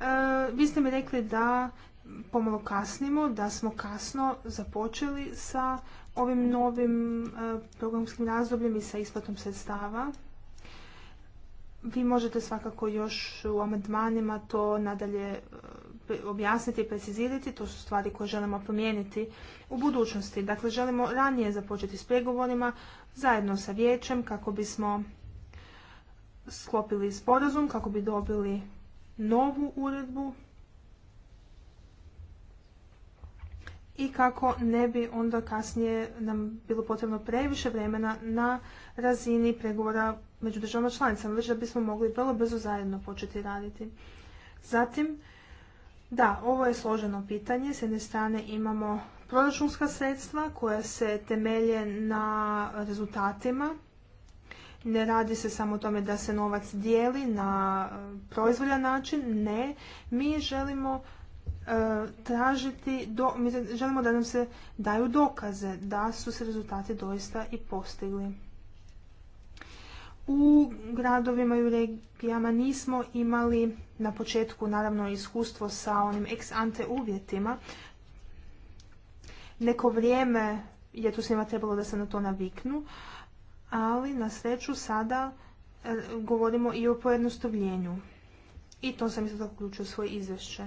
E, vi ste mi rekli da pomalo kasnimo, da smo kasno započeli sa ovim novim e, programskim razdobljem i sa isplatom sredstava. Vi možete svakako još u amandmanima to nadalje objasniti i precizirati, to su stvari koje želimo promijeniti u budućnosti. Dakle, želimo ranije započeti s pregovorima zajedno sa vijećem kako bismo sklopili sporazum, kako bi dobili novu uredbu i kako ne bi onda kasnije nam bilo potrebno previše vremena na razini pregovora među državama članicama, već da bismo mogli vrlo brzo zajedno početi raditi. Zatim, da, ovo je složeno pitanje. S jedne strane imamo proračunska sredstva koja se temelje na rezultatima. Ne radi se samo o tome da se novac dijeli na e, proizvoljan način, ne. Mi želimo e, tražiti, mi želimo da nam se daju dokaze da su se rezultati doista i postigli u gradovima i u regijama nismo imali na početku naravno iskustvo sa onim ex ante uvjetima. Neko vrijeme je tu svima trebalo da se na to naviknu, ali na sreću sada e, govorimo i o pojednostavljenju. I to sam isto tako uključio u svoje izvješće.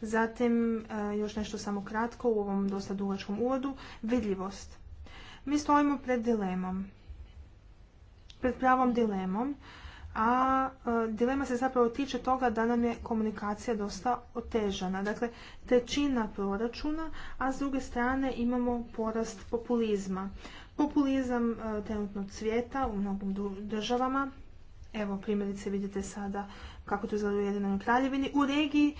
Zatim, e, još nešto samo kratko u ovom dosta dugačkom uvodu, vidljivost. Mi stojimo pred dilemom pred pravom dilemom, a e, dilema se zapravo tiče toga da nam je komunikacija dosta otežana. Dakle, trećina proračuna, a s druge strane imamo porast populizma. Populizam e, trenutno cvjeta u mnogim državama. Evo primjerice vidite sada kako to izgleda u Jedinoj kraljevini. U regiji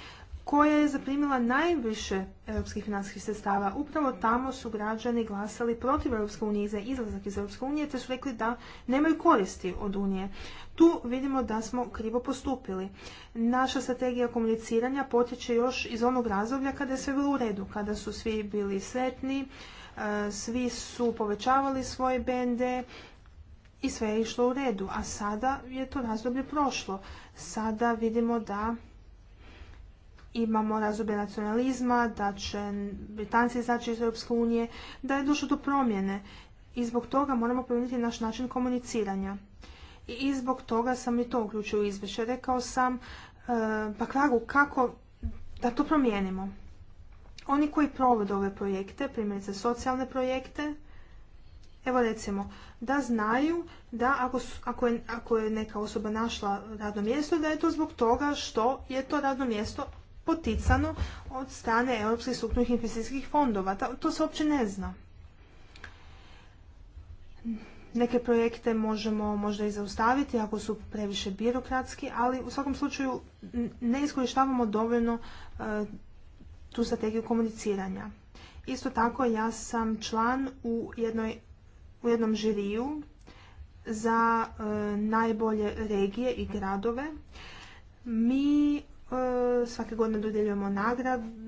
koja je zaprimila najviše europskih financijskih sredstava. Upravo tamo su građani glasali protiv Europske unije za izlazak iz Europske unije te su rekli da nemaju koristi od unije. Tu vidimo da smo krivo postupili. Naša strategija komuniciranja potječe još iz onog razdoblja kada je sve bilo u redu, kada su svi bili sretni, e, svi su povećavali svoje bende, i sve je išlo u redu, a sada je to razdoblje prošlo. Sada vidimo da imamo razdoblje nacionalizma, da će Britanci izaći iz Europske unije, da je došlo do promjene i zbog toga moramo promijeniti naš način komuniciranja. I zbog toga sam i to uključio u izvješće. Rekao sam pa e, kraju kako da to promijenimo. Oni koji provode ove projekte, primjerice socijalne projekte, evo recimo, da znaju da ako, je, ako je neka osoba našla radno mjesto, da je to zbog toga što je to radno mjesto poticano od strane europskih strukturnih investicijskih fondova. To se uopće ne zna. Neke projekte možemo možda i zaustaviti ako su previše birokratski, ali u svakom slučaju ne iskorištavamo dovoljno e, tu strategiju komuniciranja. Isto tako ja sam član u, jednoj, u jednom žiriju za e, najbolje regije i gradove. Mi E, svake godine dodjeljujemo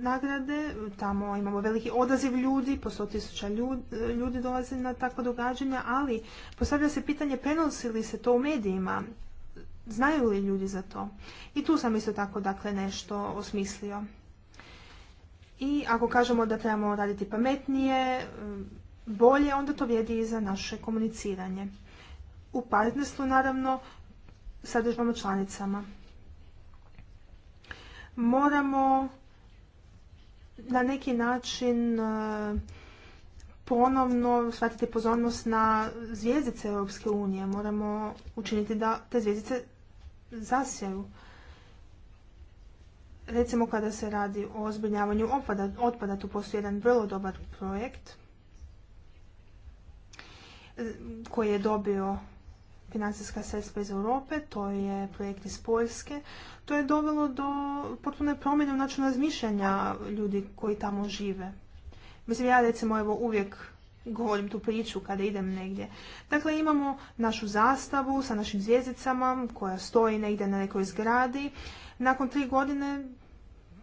nagrade, tamo imamo veliki odaziv ljudi, po sto tisuća ljudi, dolaze dolazi na takva događanja, ali postavlja se pitanje prenosi li se to u medijima, znaju li ljudi za to. I tu sam isto tako dakle nešto osmislio. I ako kažemo da trebamo raditi pametnije, bolje, onda to vrijedi i za naše komuniciranje. U partnerstvu naravno sa državama članicama moramo na neki način e, ponovno shvatiti pozornost na zvijezdice Europske unije. Moramo učiniti da te zvijezdice zasjaju. Recimo kada se radi o zbrinjavanju otpada, otpada tu postoji jedan vrlo dobar projekt e, koji je dobio financijska sredstva iz Europe, to je projekt iz Poljske. To je dovelo do potpune promjene u načinu razmišljanja ljudi koji tamo žive. Mislim, ja recimo evo uvijek govorim tu priču kada idem negdje. Dakle, imamo našu zastavu sa našim zvjezdicama koja stoji negdje na nekoj zgradi. Nakon tri godine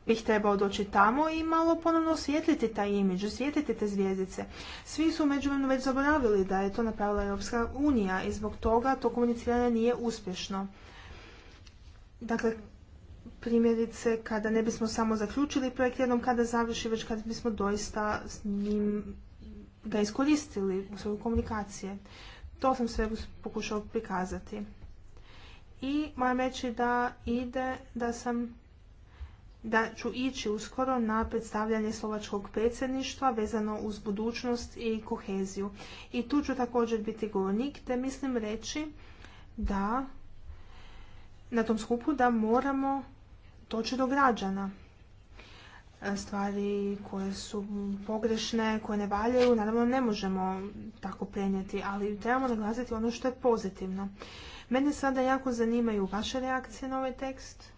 bih trebao doći tamo i malo ponovno osvijetliti taj imidž, osvijetliti te zvijezdice. Svi su međuvremenu već zaboravili da je to napravila Europska unija i zbog toga to komuniciranje nije uspješno. Dakle, primjerice kada ne bismo samo zaključili projekt jednom kada završi, već kada bismo doista s njim ga iskoristili u svoju komunikacije. To sam sve pokušao prikazati. I moram reći da ide da sam da ću ići uskoro na predstavljanje slovačkog predsjedništva vezano uz budućnost i koheziju. I tu ću također biti govornik, te mislim reći da na tom skupu da moramo doći do građana. E, stvari koje su pogrešne, koje ne valjaju, naravno ne možemo tako prenijeti, ali trebamo naglasiti ono što je pozitivno. Mene sada jako zanimaju vaše reakcije na ovaj tekst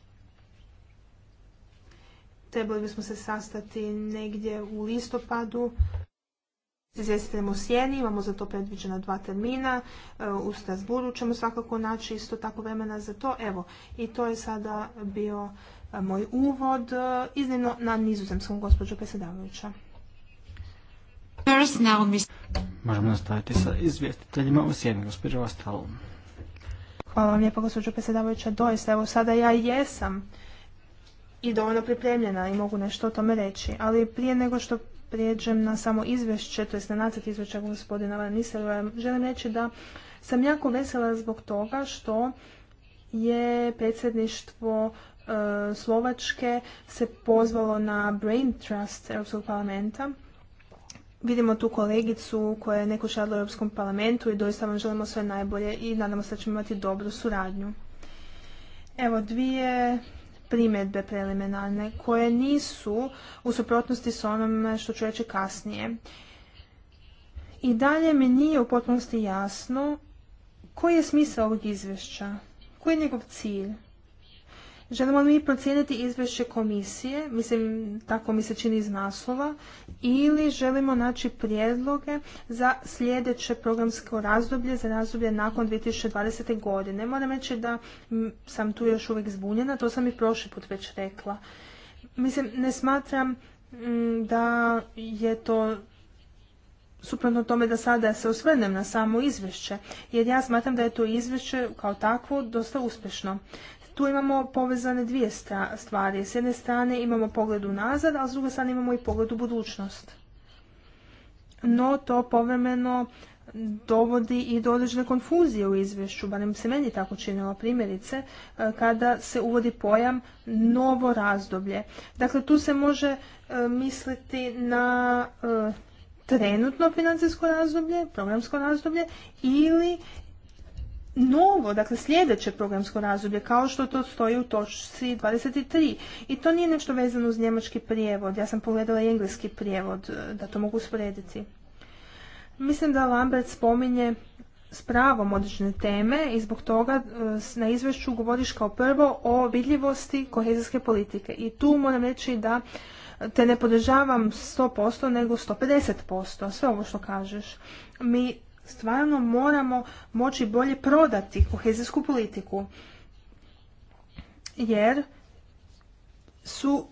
trebali bismo se sastati negdje u listopadu izvjestiteljem u Sjeni, imamo za to predviđena dva termina, e, u Strasburu ćemo svakako naći isto tako vremena za to. Evo, i to je sada bio e, moj uvod, e, iznimno na nizuzemskom gospođo predsjedavajuća. Možemo nastaviti sa izvjestiteljima u gospođo Hvala vam lijepo, gospođo predsjedavajuća, doista, evo sada ja jesam i dovoljno pripremljena i mogu nešto o tome reći. Ali prije nego što prijeđem na samo izvješće, to je na nacrt izvješća gospodina Van želim reći da sam jako vesela zbog toga što je predsjedništvo e, Slovačke se pozvalo na Brain Trust Europskog parlamenta. Vidimo tu kolegicu koja je neko šadla u Europskom parlamentu i doista vam želimo sve najbolje i nadamo se da ćemo imati dobru suradnju. Evo dvije primjedbe preliminarne koje nisu u suprotnosti s onom što ću reći kasnije. I dalje mi nije u potpunosti jasno koji je smisao ovog izvješća, koji je njegov cilj. Želimo mi procijeniti izvješće komisije, mislim tako mi se čini iz naslova, ili želimo naći prijedloge za sljedeće programsko razdoblje, za razdoblje nakon 2020. godine. Moram reći da sam tu još uvijek zbunjena, to sam i prošli put već rekla. Mislim, ne smatram da je to suprotno tome da sada se osvrnem na samo izvješće, jer ja smatram da je to izvješće kao takvo dosta uspješno imamo povezane dvije stvari. S jedne strane imamo pogled unazad, a s druge strane imamo i pogled u budućnost. No to povremeno dovodi i do određene konfuzije u izvješću, barem se meni tako činilo primjerice, e, kada se uvodi pojam novo razdoblje. Dakle, tu se može e, misliti na e, trenutno financijsko razdoblje, programsko razdoblje ili novo, dakle sljedeće programsko razdoblje, kao što to stoji u točci 23. I to nije nešto vezano uz njemački prijevod. Ja sam pogledala engleski prijevod, e, da to mogu usporediti. Mislim da Lambert spominje s pravom određene teme i zbog toga e, na izvješću govoriš kao prvo o vidljivosti kohezijske politike. I tu moram reći da e, te ne podržavam 100%, nego 150%, sve ovo što kažeš. Mi stvarno moramo moći bolje prodati kohezijsku politiku. Jer su,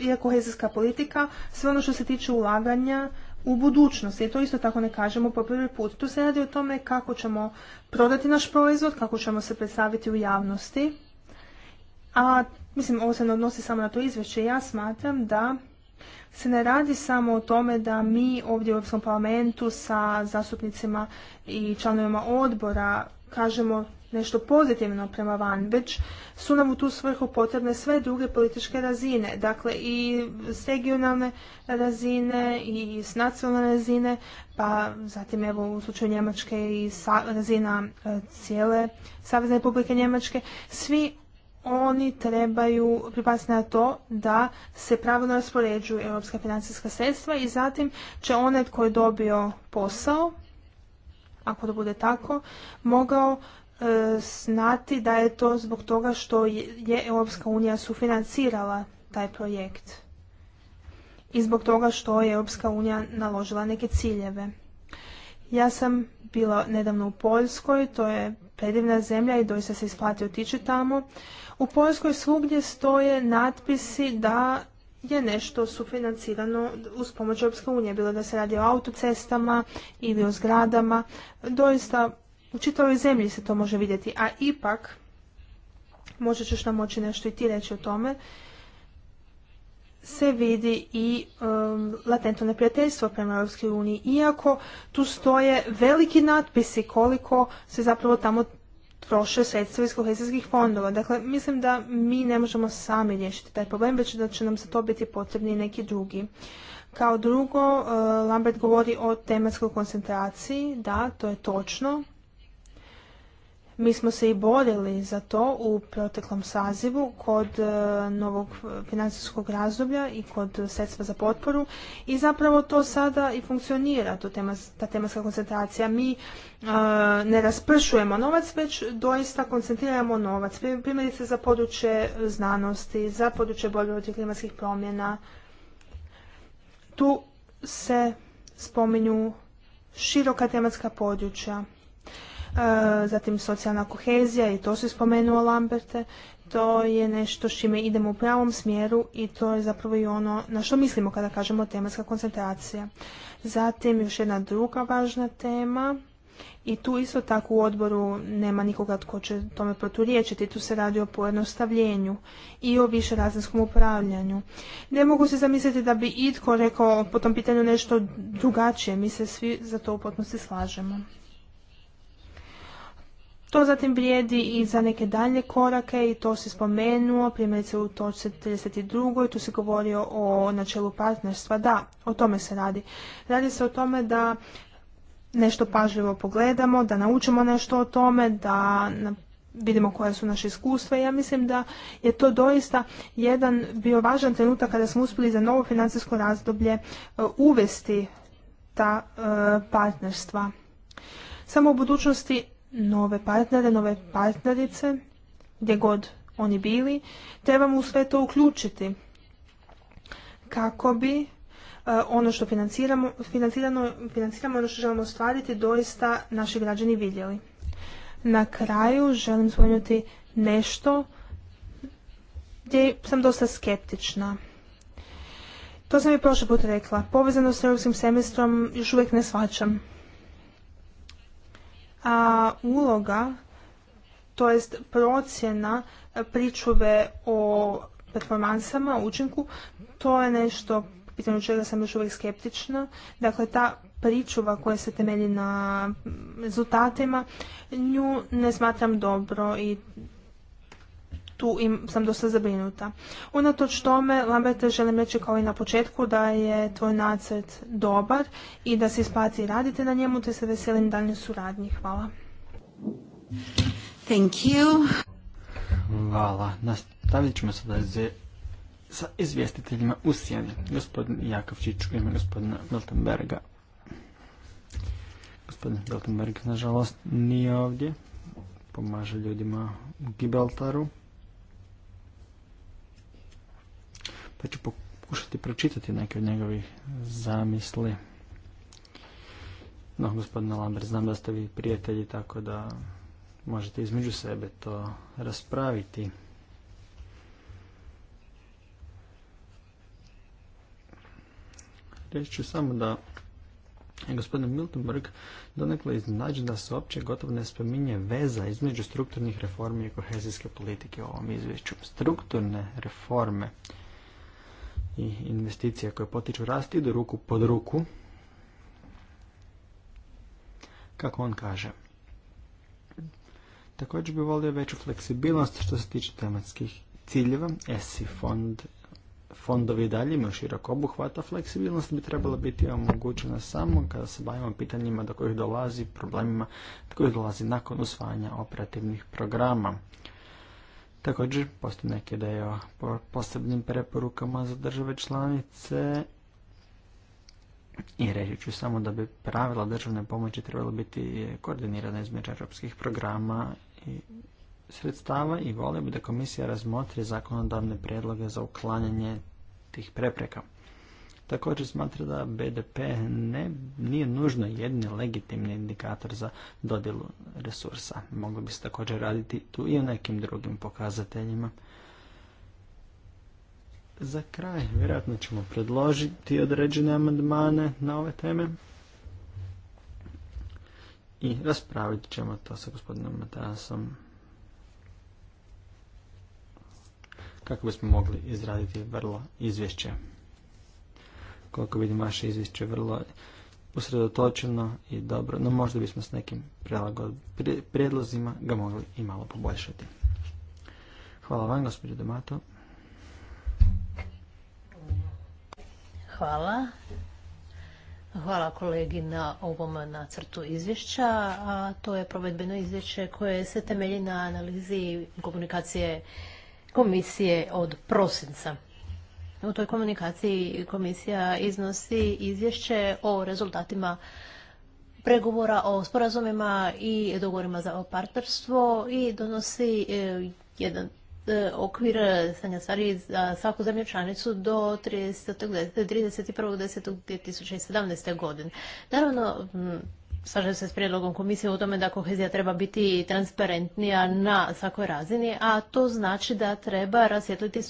i kohezijska politika sve ono što se tiče ulaganja u budućnost I to isto tako ne kažemo po prvi put. Tu se radi o tome kako ćemo prodati naš proizvod, kako ćemo se predstaviti u javnosti. A mislim, ovo se ne odnosi samo na to izvješće. Ja smatram da se ne radi samo o tome da mi ovdje u Europskom parlamentu sa zastupnicima i članovima odbora kažemo nešto pozitivno prema van, već su nam u tu svrhu potrebne sve druge političke razine, dakle i s regionalne razine i s nacionalne razine, pa zatim evo u slučaju Njemačke i razina e, cijele Savezne republike Njemačke. Svi oni trebaju pripasti na to da se pravilno raspoređuju europska financijska sredstva i zatim će onaj tko je dobio posao, ako to bude tako, mogao e, znati da je to zbog toga što je Europska unija sufinancirala taj projekt i zbog toga što je Europska unija naložila neke ciljeve. Ja sam bila nedavno u Poljskoj, to je predivna zemlja i doista se isplati otići tamo. U Poljskoj svugdje stoje natpisi da je nešto sufinancirano uz pomoć Europske unije, bilo da se radi o autocestama ili o zgradama. Doista, u čitavoj zemlji se to može vidjeti, a ipak, možda ćeš nam moći nešto i ti reći o tome, se vidi i um, latentno neprijateljstvo prema Europskoj uniji, iako tu stoje veliki natpisi koliko se zapravo tamo troše sredstva iz kohezijskih fondova. Dakle, mislim da mi ne možemo sami riješiti taj problem, već da će nam za to biti potrebni neki drugi. Kao drugo, eh, Lambert govori o tematskoj koncentraciji. Da, to je točno. Mi smo se i borili za to u proteklom sazivu kod e, novog financijskog razdoblja i kod sredstva za potporu i zapravo to sada i funkcionira, to ta tematska koncentracija. Mi e, ne raspršujemo novac, već doista koncentriramo novac. Primjerice za područje znanosti, za područje borbe protiv klimatskih promjena. Tu se spominju široka tematska područja E, zatim socijalna kohezija i to se spomenuo Lamberte. To je nešto s čime idemo u pravom smjeru i to je zapravo i ono na što mislimo kada kažemo tematska koncentracija. Zatim još jedna druga važna tema i tu isto tako u odboru nema nikoga tko će tome proturiječiti Tu se radi o pojednostavljenju i o višerazinskom upravljanju. Ne mogu se zamisliti da bi itko rekao po tom pitanju nešto drugačije. Mi se svi za to u potpunosti slažemo. To zatim vrijedi i za neke dalje korake i to se spomenuo, primjerice u točce 32. tu se govorio o načelu partnerstva. Da, o tome se radi. Radi se o tome da nešto pažljivo pogledamo, da naučimo nešto o tome, da vidimo koja su naše iskustva ja mislim da je to doista jedan bio važan trenutak kada smo uspjeli za novo financijsko razdoblje e, uvesti ta e, partnerstva. Samo u budućnosti nove partnere, nove partnerice, gdje god oni bili, trebamo u sve to uključiti kako bi e, ono što financiramo, financiramo ono što želimo ostvariti, doista naši građani vidjeli. Na kraju želim spomenuti nešto gdje sam dosta skeptična. To sam i prošli put rekla. Povezano s europskim semestrom još uvijek ne shvaćam a uloga, to jest procjena pričuve o performansama, učinku, to je nešto pitanju čega sam još uvijek skeptična. Dakle, ta pričuva koja se temelji na rezultatima, nju ne smatram dobro i tu im, sam dosta zabrinuta. Unatoč tome, Lamberte, želim reći kao i na početku da je tvoj nacrt dobar i da se isplati i radite na njemu, te se veselim daljnjoj suradnji. Hvala. Thank you. Hvala. Nastavit ćemo sada sa izvjestiteljima u sjeni. Gospodin Jakovčić u ime gospodina Miltenberga. Gospodin nažalost, nije ovdje. Pomaže ljudima u Gibraltaru. pa ću pokušati pročitati neke od njegovih zamisli. No, gospodine Lambert, znam da ste vi prijatelji, tako da možete između sebe to raspraviti. Reći ću samo da je gospodin Miltenberg donekle iznenađen da se uopće gotovo ne spominje veza između strukturnih reformi i kohezijske politike u ovom izvješću. Strukturne reforme i investicija koje potiču rast do ruku pod ruku, kako on kaže. Također bi volio veću fleksibilnost što se tiče tematskih ciljeva. ESI fond, fondovi dalje imaju širok obuhvat, fleksibilnost bi trebala biti omogućena samo kada se bavimo pitanjima do kojih dolazi, problemima do kojih dolazi nakon usvajanja operativnih programa. Također, postoje neke ideje o posebnim preporukama za države članice i reći ću samo da bi pravila državne pomoći trebalo biti koordinirana između europskih programa i sredstava i volio bi da komisija razmotri zakonodavne predloge za uklanjanje tih prepreka. Također smatra da BDP ne, nije nužno jedni legitimni indikator za dodjelu resursa. Moglo bi se također raditi tu i o nekim drugim pokazateljima. Za kraj, vjerojatno ćemo predložiti određene amandmane na ove teme i raspraviti ćemo to sa gospodinom Matasom kako bismo mogli izraditi vrlo izvješće. Koliko vidim, vaše izvješće vrlo usredotočeno i dobro, no možda bismo s nekim prijedlozima ga mogli i malo poboljšati. Hvala vam, gospođo Demato. Hvala. Hvala kolegi na ovom nacrtu izvješća. A to je provedbeno izvješće koje se temelji na analizi komunikacije komisije od prosinca. U toj komunikaciji komisija iznosi izvješće o rezultatima pregovora o sporazumima i dogovorima za partnerstvo i donosi e, jedan e, okvir stanja stvari za svaku zemlju članicu do 31.10.2017. godine. Naravno, slažem se s prijedlogom komisije u tome da kohezija treba biti transparentnija na svakoj razini, a to znači da treba rasvjetliti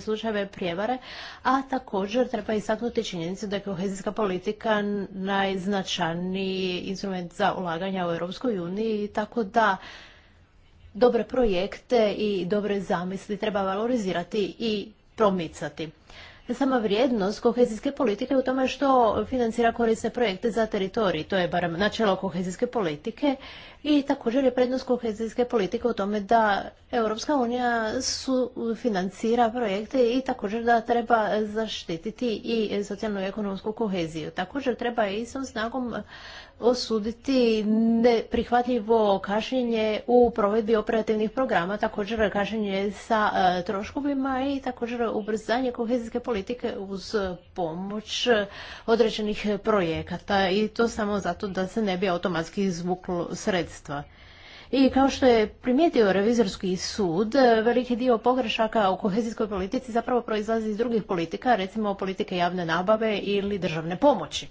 slučajeve prijevare, a također treba istaknuti činjenicu da je kohezijska politika najznačajniji instrument za ulaganja u Europskoj uniji, tako da dobre projekte i dobre zamisli treba valorizirati i promicati sama vrijednost kohezijske politike u tome što financira korisne projekte za teritorij. To je barem načelo kohezijske politike i također je prednost kohezijske politike u tome da Europska unija financira projekte i također da treba zaštititi i socijalno ekonomsku koheziju. Također treba i snagom osuditi neprihvatljivo kašnjenje u provedbi operativnih programa, također kašnjenje sa e, troškovima i također ubrzanje kohezijske politike uz pomoć određenih projekata i to samo zato da se ne bi automatski izvuklo sredstva. I kao što je primijetio revizorski sud, veliki dio pogrešaka u kohezijskoj politici zapravo proizlazi iz drugih politika, recimo politike javne nabave ili državne pomoći.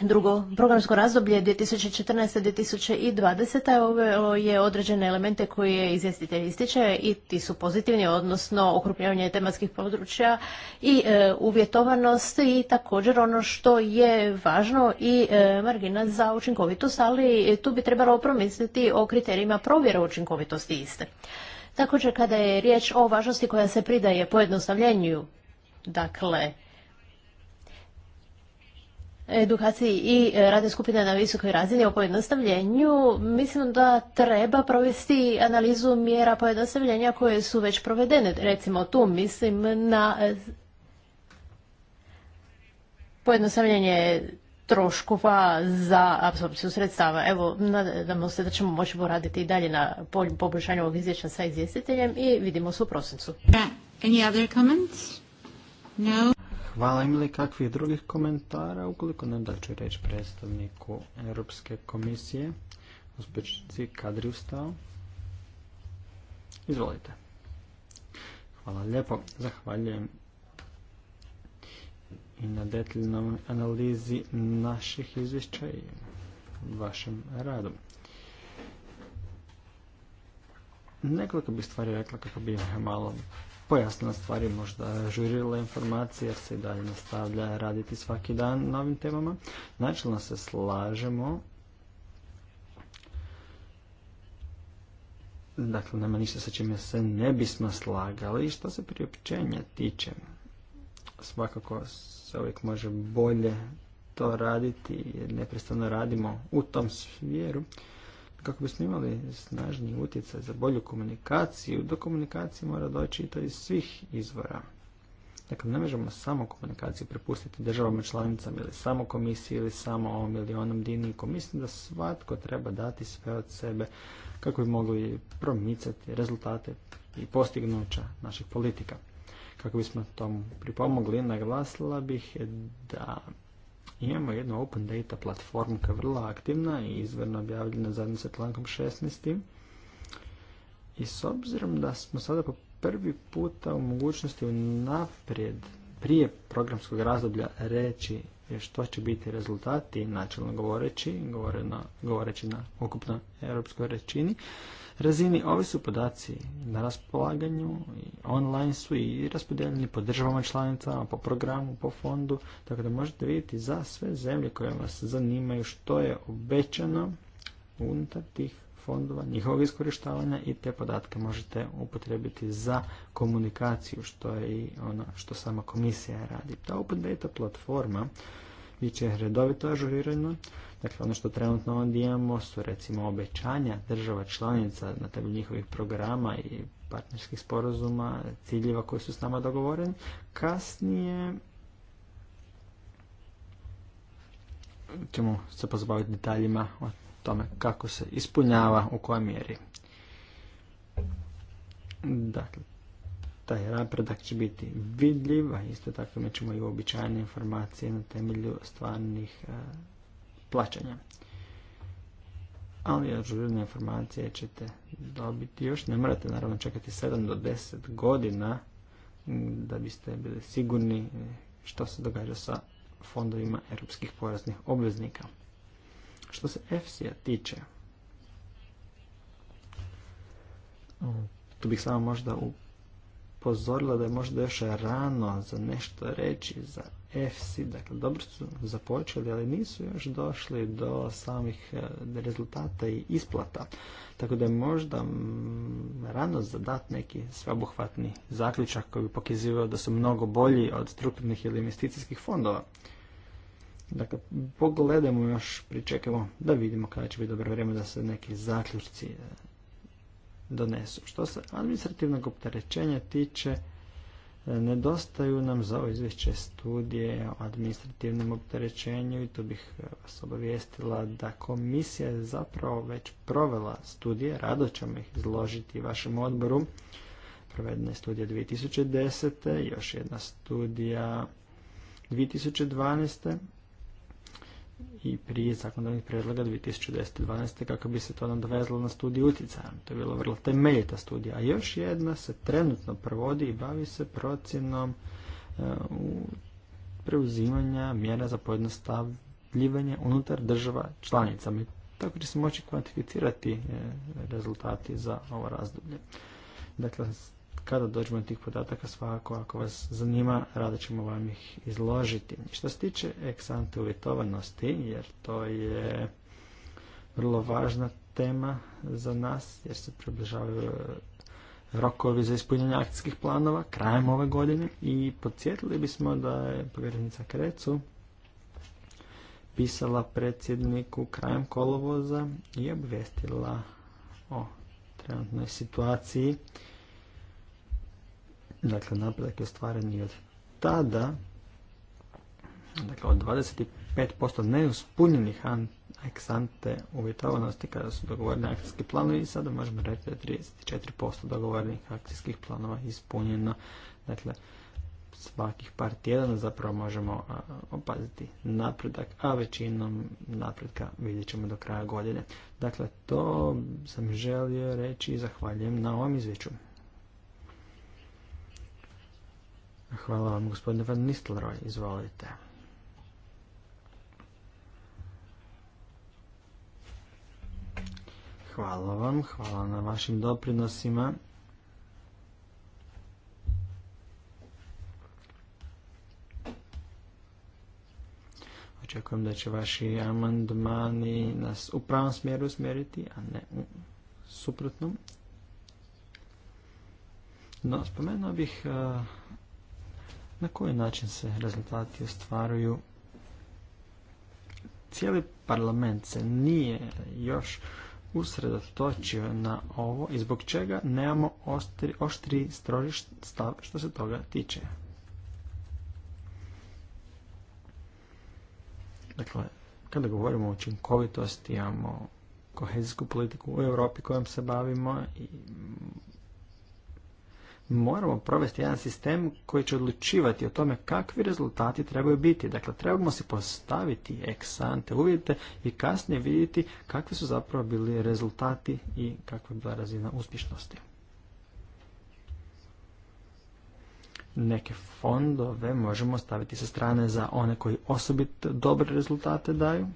Drugo, programsko razdoblje 2014-2020 je određene elemente koje izvjestitelj ističe i ti su pozitivni, odnosno okrupnjavanje tematskih područja i e, uvjetovanost i također ono što je važno i e, margina za učinkovitost, ali tu bi trebalo promisliti o kriterijima provjera učinkovitosti iste. Također kada je riječ o važnosti koja se pridaje pojednostavljenju, dakle edukaciji i e, radne skupine na visokoj razini o pojednostavljenju, mislim da treba provesti analizu mjera pojednostavljenja koje su već provedene. Recimo tu mislim na e, pojednostavljenje troškova za apsorpciju sredstava. Evo, nadamo se da ćemo moći poraditi i dalje na poboljšanju ovog izvješća sa izvjestiteljem i vidimo se u prosincu. Hvala im li kakvih drugih komentara, ukoliko ne da ću reći predstavniku Europske komisije, uspječnici Kadri Ustao. Izvolite. Hvala lijepo, zahvaljujem i na detaljnom analizi naših izvješća i vašem radu. Nekoliko bih stvari rekla kako bi malo pojasnila stvari, možda žurila informacije jer se i dalje nastavlja raditi svaki dan na ovim temama. Načelno se slažemo. Dakle, nema ništa sa čime se ne bismo slagali. Što se priopćenja tiče, svakako se uvijek može bolje to raditi jer neprestano radimo u tom smjeru kako bismo imali snažni utjecaj za bolju komunikaciju, do komunikacije mora doći i to iz svih izvora. Dakle, ne možemo samo komunikaciju prepustiti državama članicama ili samo komisiji ili samo ovom ili onom diniku. Mislim da svatko treba dati sve od sebe kako bi mogli promicati rezultate i postignuća naših politika. Kako bismo tom pripomogli, naglasila bih da Imamo jednu open data platformu koja je vrlo aktivna i izvrno objavljena zajedno sa člankom 16. I s obzirom da smo sada po prvi puta u mogućnosti naprijed, prije programskog razdoblja reći što će biti rezultati, načelno govoreći, govoreći na ukupno europskoj rečini, razini ovi su podaci na raspolaganju, online su i raspodijeljeni po državama članicama, po programu, po fondu, tako da možete vidjeti za sve zemlje koje vas zanimaju što je obećano unutar tih fondova, njihovog iskorištavanja i te podatke možete upotrebiti za komunikaciju, što je i ono što sama komisija radi. Ta Open Data platforma bit će redovito ažurirana, dakle ono što trenutno ovdje imamo su recimo obećanja država članica na temelju njihovih programa i partnerskih sporazuma, ciljeva koji su s nama dogovoreni. Kasnije ćemo se pozabaviti detaljima od tome kako se ispunjava, u kojoj mjeri. Dakle, taj napredak će biti vidljiv, a isto tako mi ćemo i uobičajene informacije na temelju stvarnih e, plaćanja. Ali ažurne informacije ćete dobiti još, ne morate naravno čekati 7 do 10 godina da biste bili sigurni e, što se događa sa fondovima europskih poraznih obveznika. Što se EFSI-a tiče, mm, tu bih samo možda upozorila da je možda još rano za nešto reći za EFSI, dakle dobro su započeli, ali nisu još došli do samih e, rezultata i isplata. Tako da je možda mm, rano zadat neki sveobuhvatni zaključak koji bi pokazivao da su mnogo bolji od strukturnih ili investicijskih fondova. Dakle, pogledajmo još, pričekajmo da vidimo kada će biti dobro vrijeme da se neki zaključci e, donesu. Što se administrativnog opterećenja tiče, e, nedostaju nam za ovo izvješće studije o administrativnom opterećenju i tu bih e, vas obavijestila da komisija je zapravo već provela studije, rado ćemo ih izložiti vašem odboru. Provedena je studija 2010. još jedna studija 2012 i prije zakonodavnih predloga 2012. kako bi se to nadovezalo na studiju utjecaja. To je bila vrlo temeljita studija. A još jedna se trenutno provodi i bavi se procjenom e, preuzimanja mjera za pojednostavljivanje unutar država članica. Tako će se moći kvantificirati e, rezultati za ovo razdoblje. Dakle, kada dođemo do tih podataka, svakako ako vas zanima, rado ćemo vam ih izložiti. Što se tiče eksante uvjetovanosti, jer to je vrlo važna tema za nas, jer se približavaju e, rokovi za ispunjenje akcijskih planova krajem ove godine i podsjetili bismo da je povjerenica Krecu pisala predsjedniku krajem kolovoza i obvestila o trenutnoj situaciji Dakle, napredak je ostvaren i od tada, dakle od 25% neuspunjenih eksante uvjetovanosti kada su dogovoreni akcijski planovi i sada možemo reći da je 34% dogovorenih akcijskih planova ispunjeno. Dakle, svakih par tjedana zapravo možemo opaziti napredak, a većinom napredka vidjet ćemo do kraja godine. Dakle, to sam želio reći i zahvaljujem na ovom izvješću. Hvala vam, gospodine Van Nistelroj. Izvolite. Hvala vam, hvala na vašim doprinosima. Očekujem da će vaši amandmani nas u pravom smjeru usmjeriti, a ne u suprotnom. No, spomenuo bih eh, na koji način se rezultati ostvaruju. Cijeli parlament se nije još usredotočio na ovo i zbog čega nemamo oštri stroži stav što se toga tiče. Dakle, kada govorimo o učinkovitosti, imamo kohezijsku politiku u Europi kojom se bavimo i moramo provesti jedan sistem koji će odlučivati o tome kakvi rezultati trebaju biti. Dakle, trebamo si postaviti eksante uvjete i kasnije vidjeti kakvi su zapravo bili rezultati i kakva je bila razina uspješnosti. Neke fondove možemo staviti sa strane za one koji osobito dobre rezultate daju.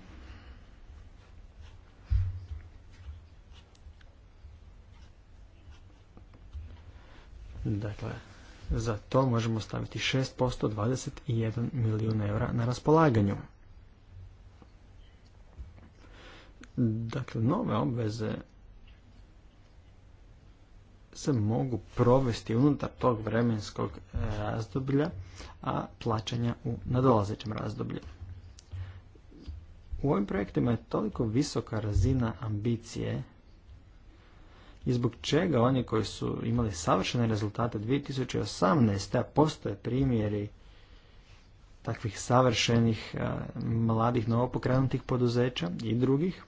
Dakle, za to možemo staviti 6%, 21 milijun eura na raspolaganju. Dakle, nove obveze se mogu provesti unutar tog vremenskog razdoblja, a plaćanja u nadolazećem razdoblju. U ovim projektima je toliko visoka razina ambicije i zbog čega oni koji su imali savršene rezultate 2018. postoje primjeri takvih savršenih mladih novopokrenutih poduzeća i drugih.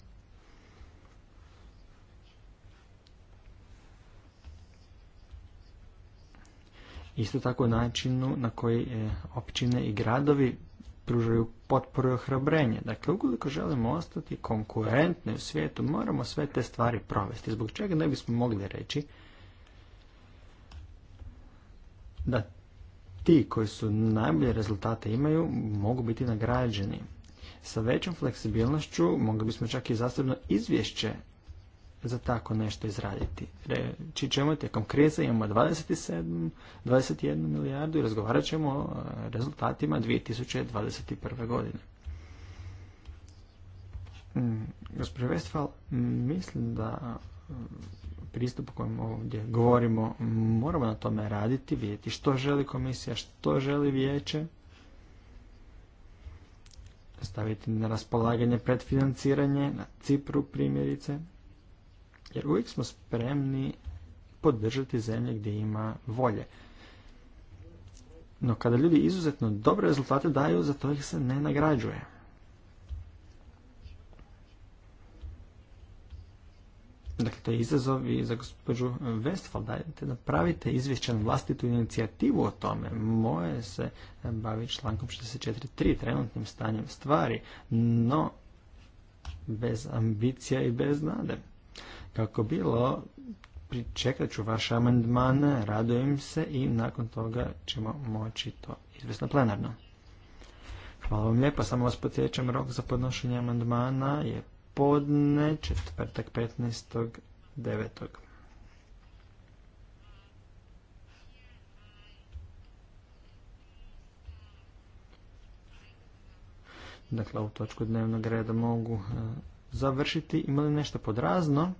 Isto tako načinu na koji e, općine i gradovi pružaju potporu i ohrabrenje. Dakle, ukoliko želimo ostati konkurentni u svijetu, moramo sve te stvari provesti. Zbog čega ne bismo mogli reći da ti koji su najbolje rezultate imaju mogu biti nagrađeni. Sa većom fleksibilnošću mogli bismo čak i zasebno izvješće za tako nešto izraditi. Reći ćemo tijekom krize imamo 27, 21 milijardu i razgovarat ćemo o e, rezultatima 2021. godine. Mm, Gospodin Westphal, mislim da mm, pristup kojem ovdje govorimo, moramo na tome raditi, vidjeti što želi komisija, što želi vijeće, staviti na raspolaganje predfinanciranje na Cipru primjerice jer uvijek smo spremni podržati zemlje gdje ima volje. No kada ljudi izuzetno dobre rezultate daju, za to ih se ne nagrađuje. Dakle, to je izazov i za gospođu Westfall. napravite izvješće na vlastitu inicijativu o tome. Moje se bavi člankom 64.3, trenutnim stanjem stvari, no bez ambicija i bez nade. Kako bilo, pričekat ću vaše amandmane, radujem se i nakon toga ćemo moći to izvesti na plenarno. Hvala vam lijepa, samo vas podsjećam, rok za podnošenje amandmana je podne četvrtak 15.9. Dakle, ovu točku dnevnog reda mogu e, završiti. Ima li nešto podrazno?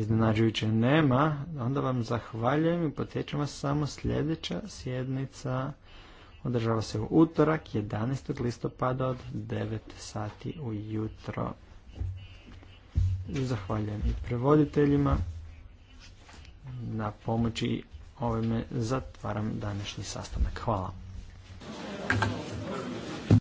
iznenađujuće nema, onda vam zahvaljujem i potječem vas samo sljedeća sjednica održava se u utorak 11. listopada od 9 sati ujutro. Zahvaljujem i prevoditeljima na pomoći ovime zatvaram današnji sastanak. Hvala.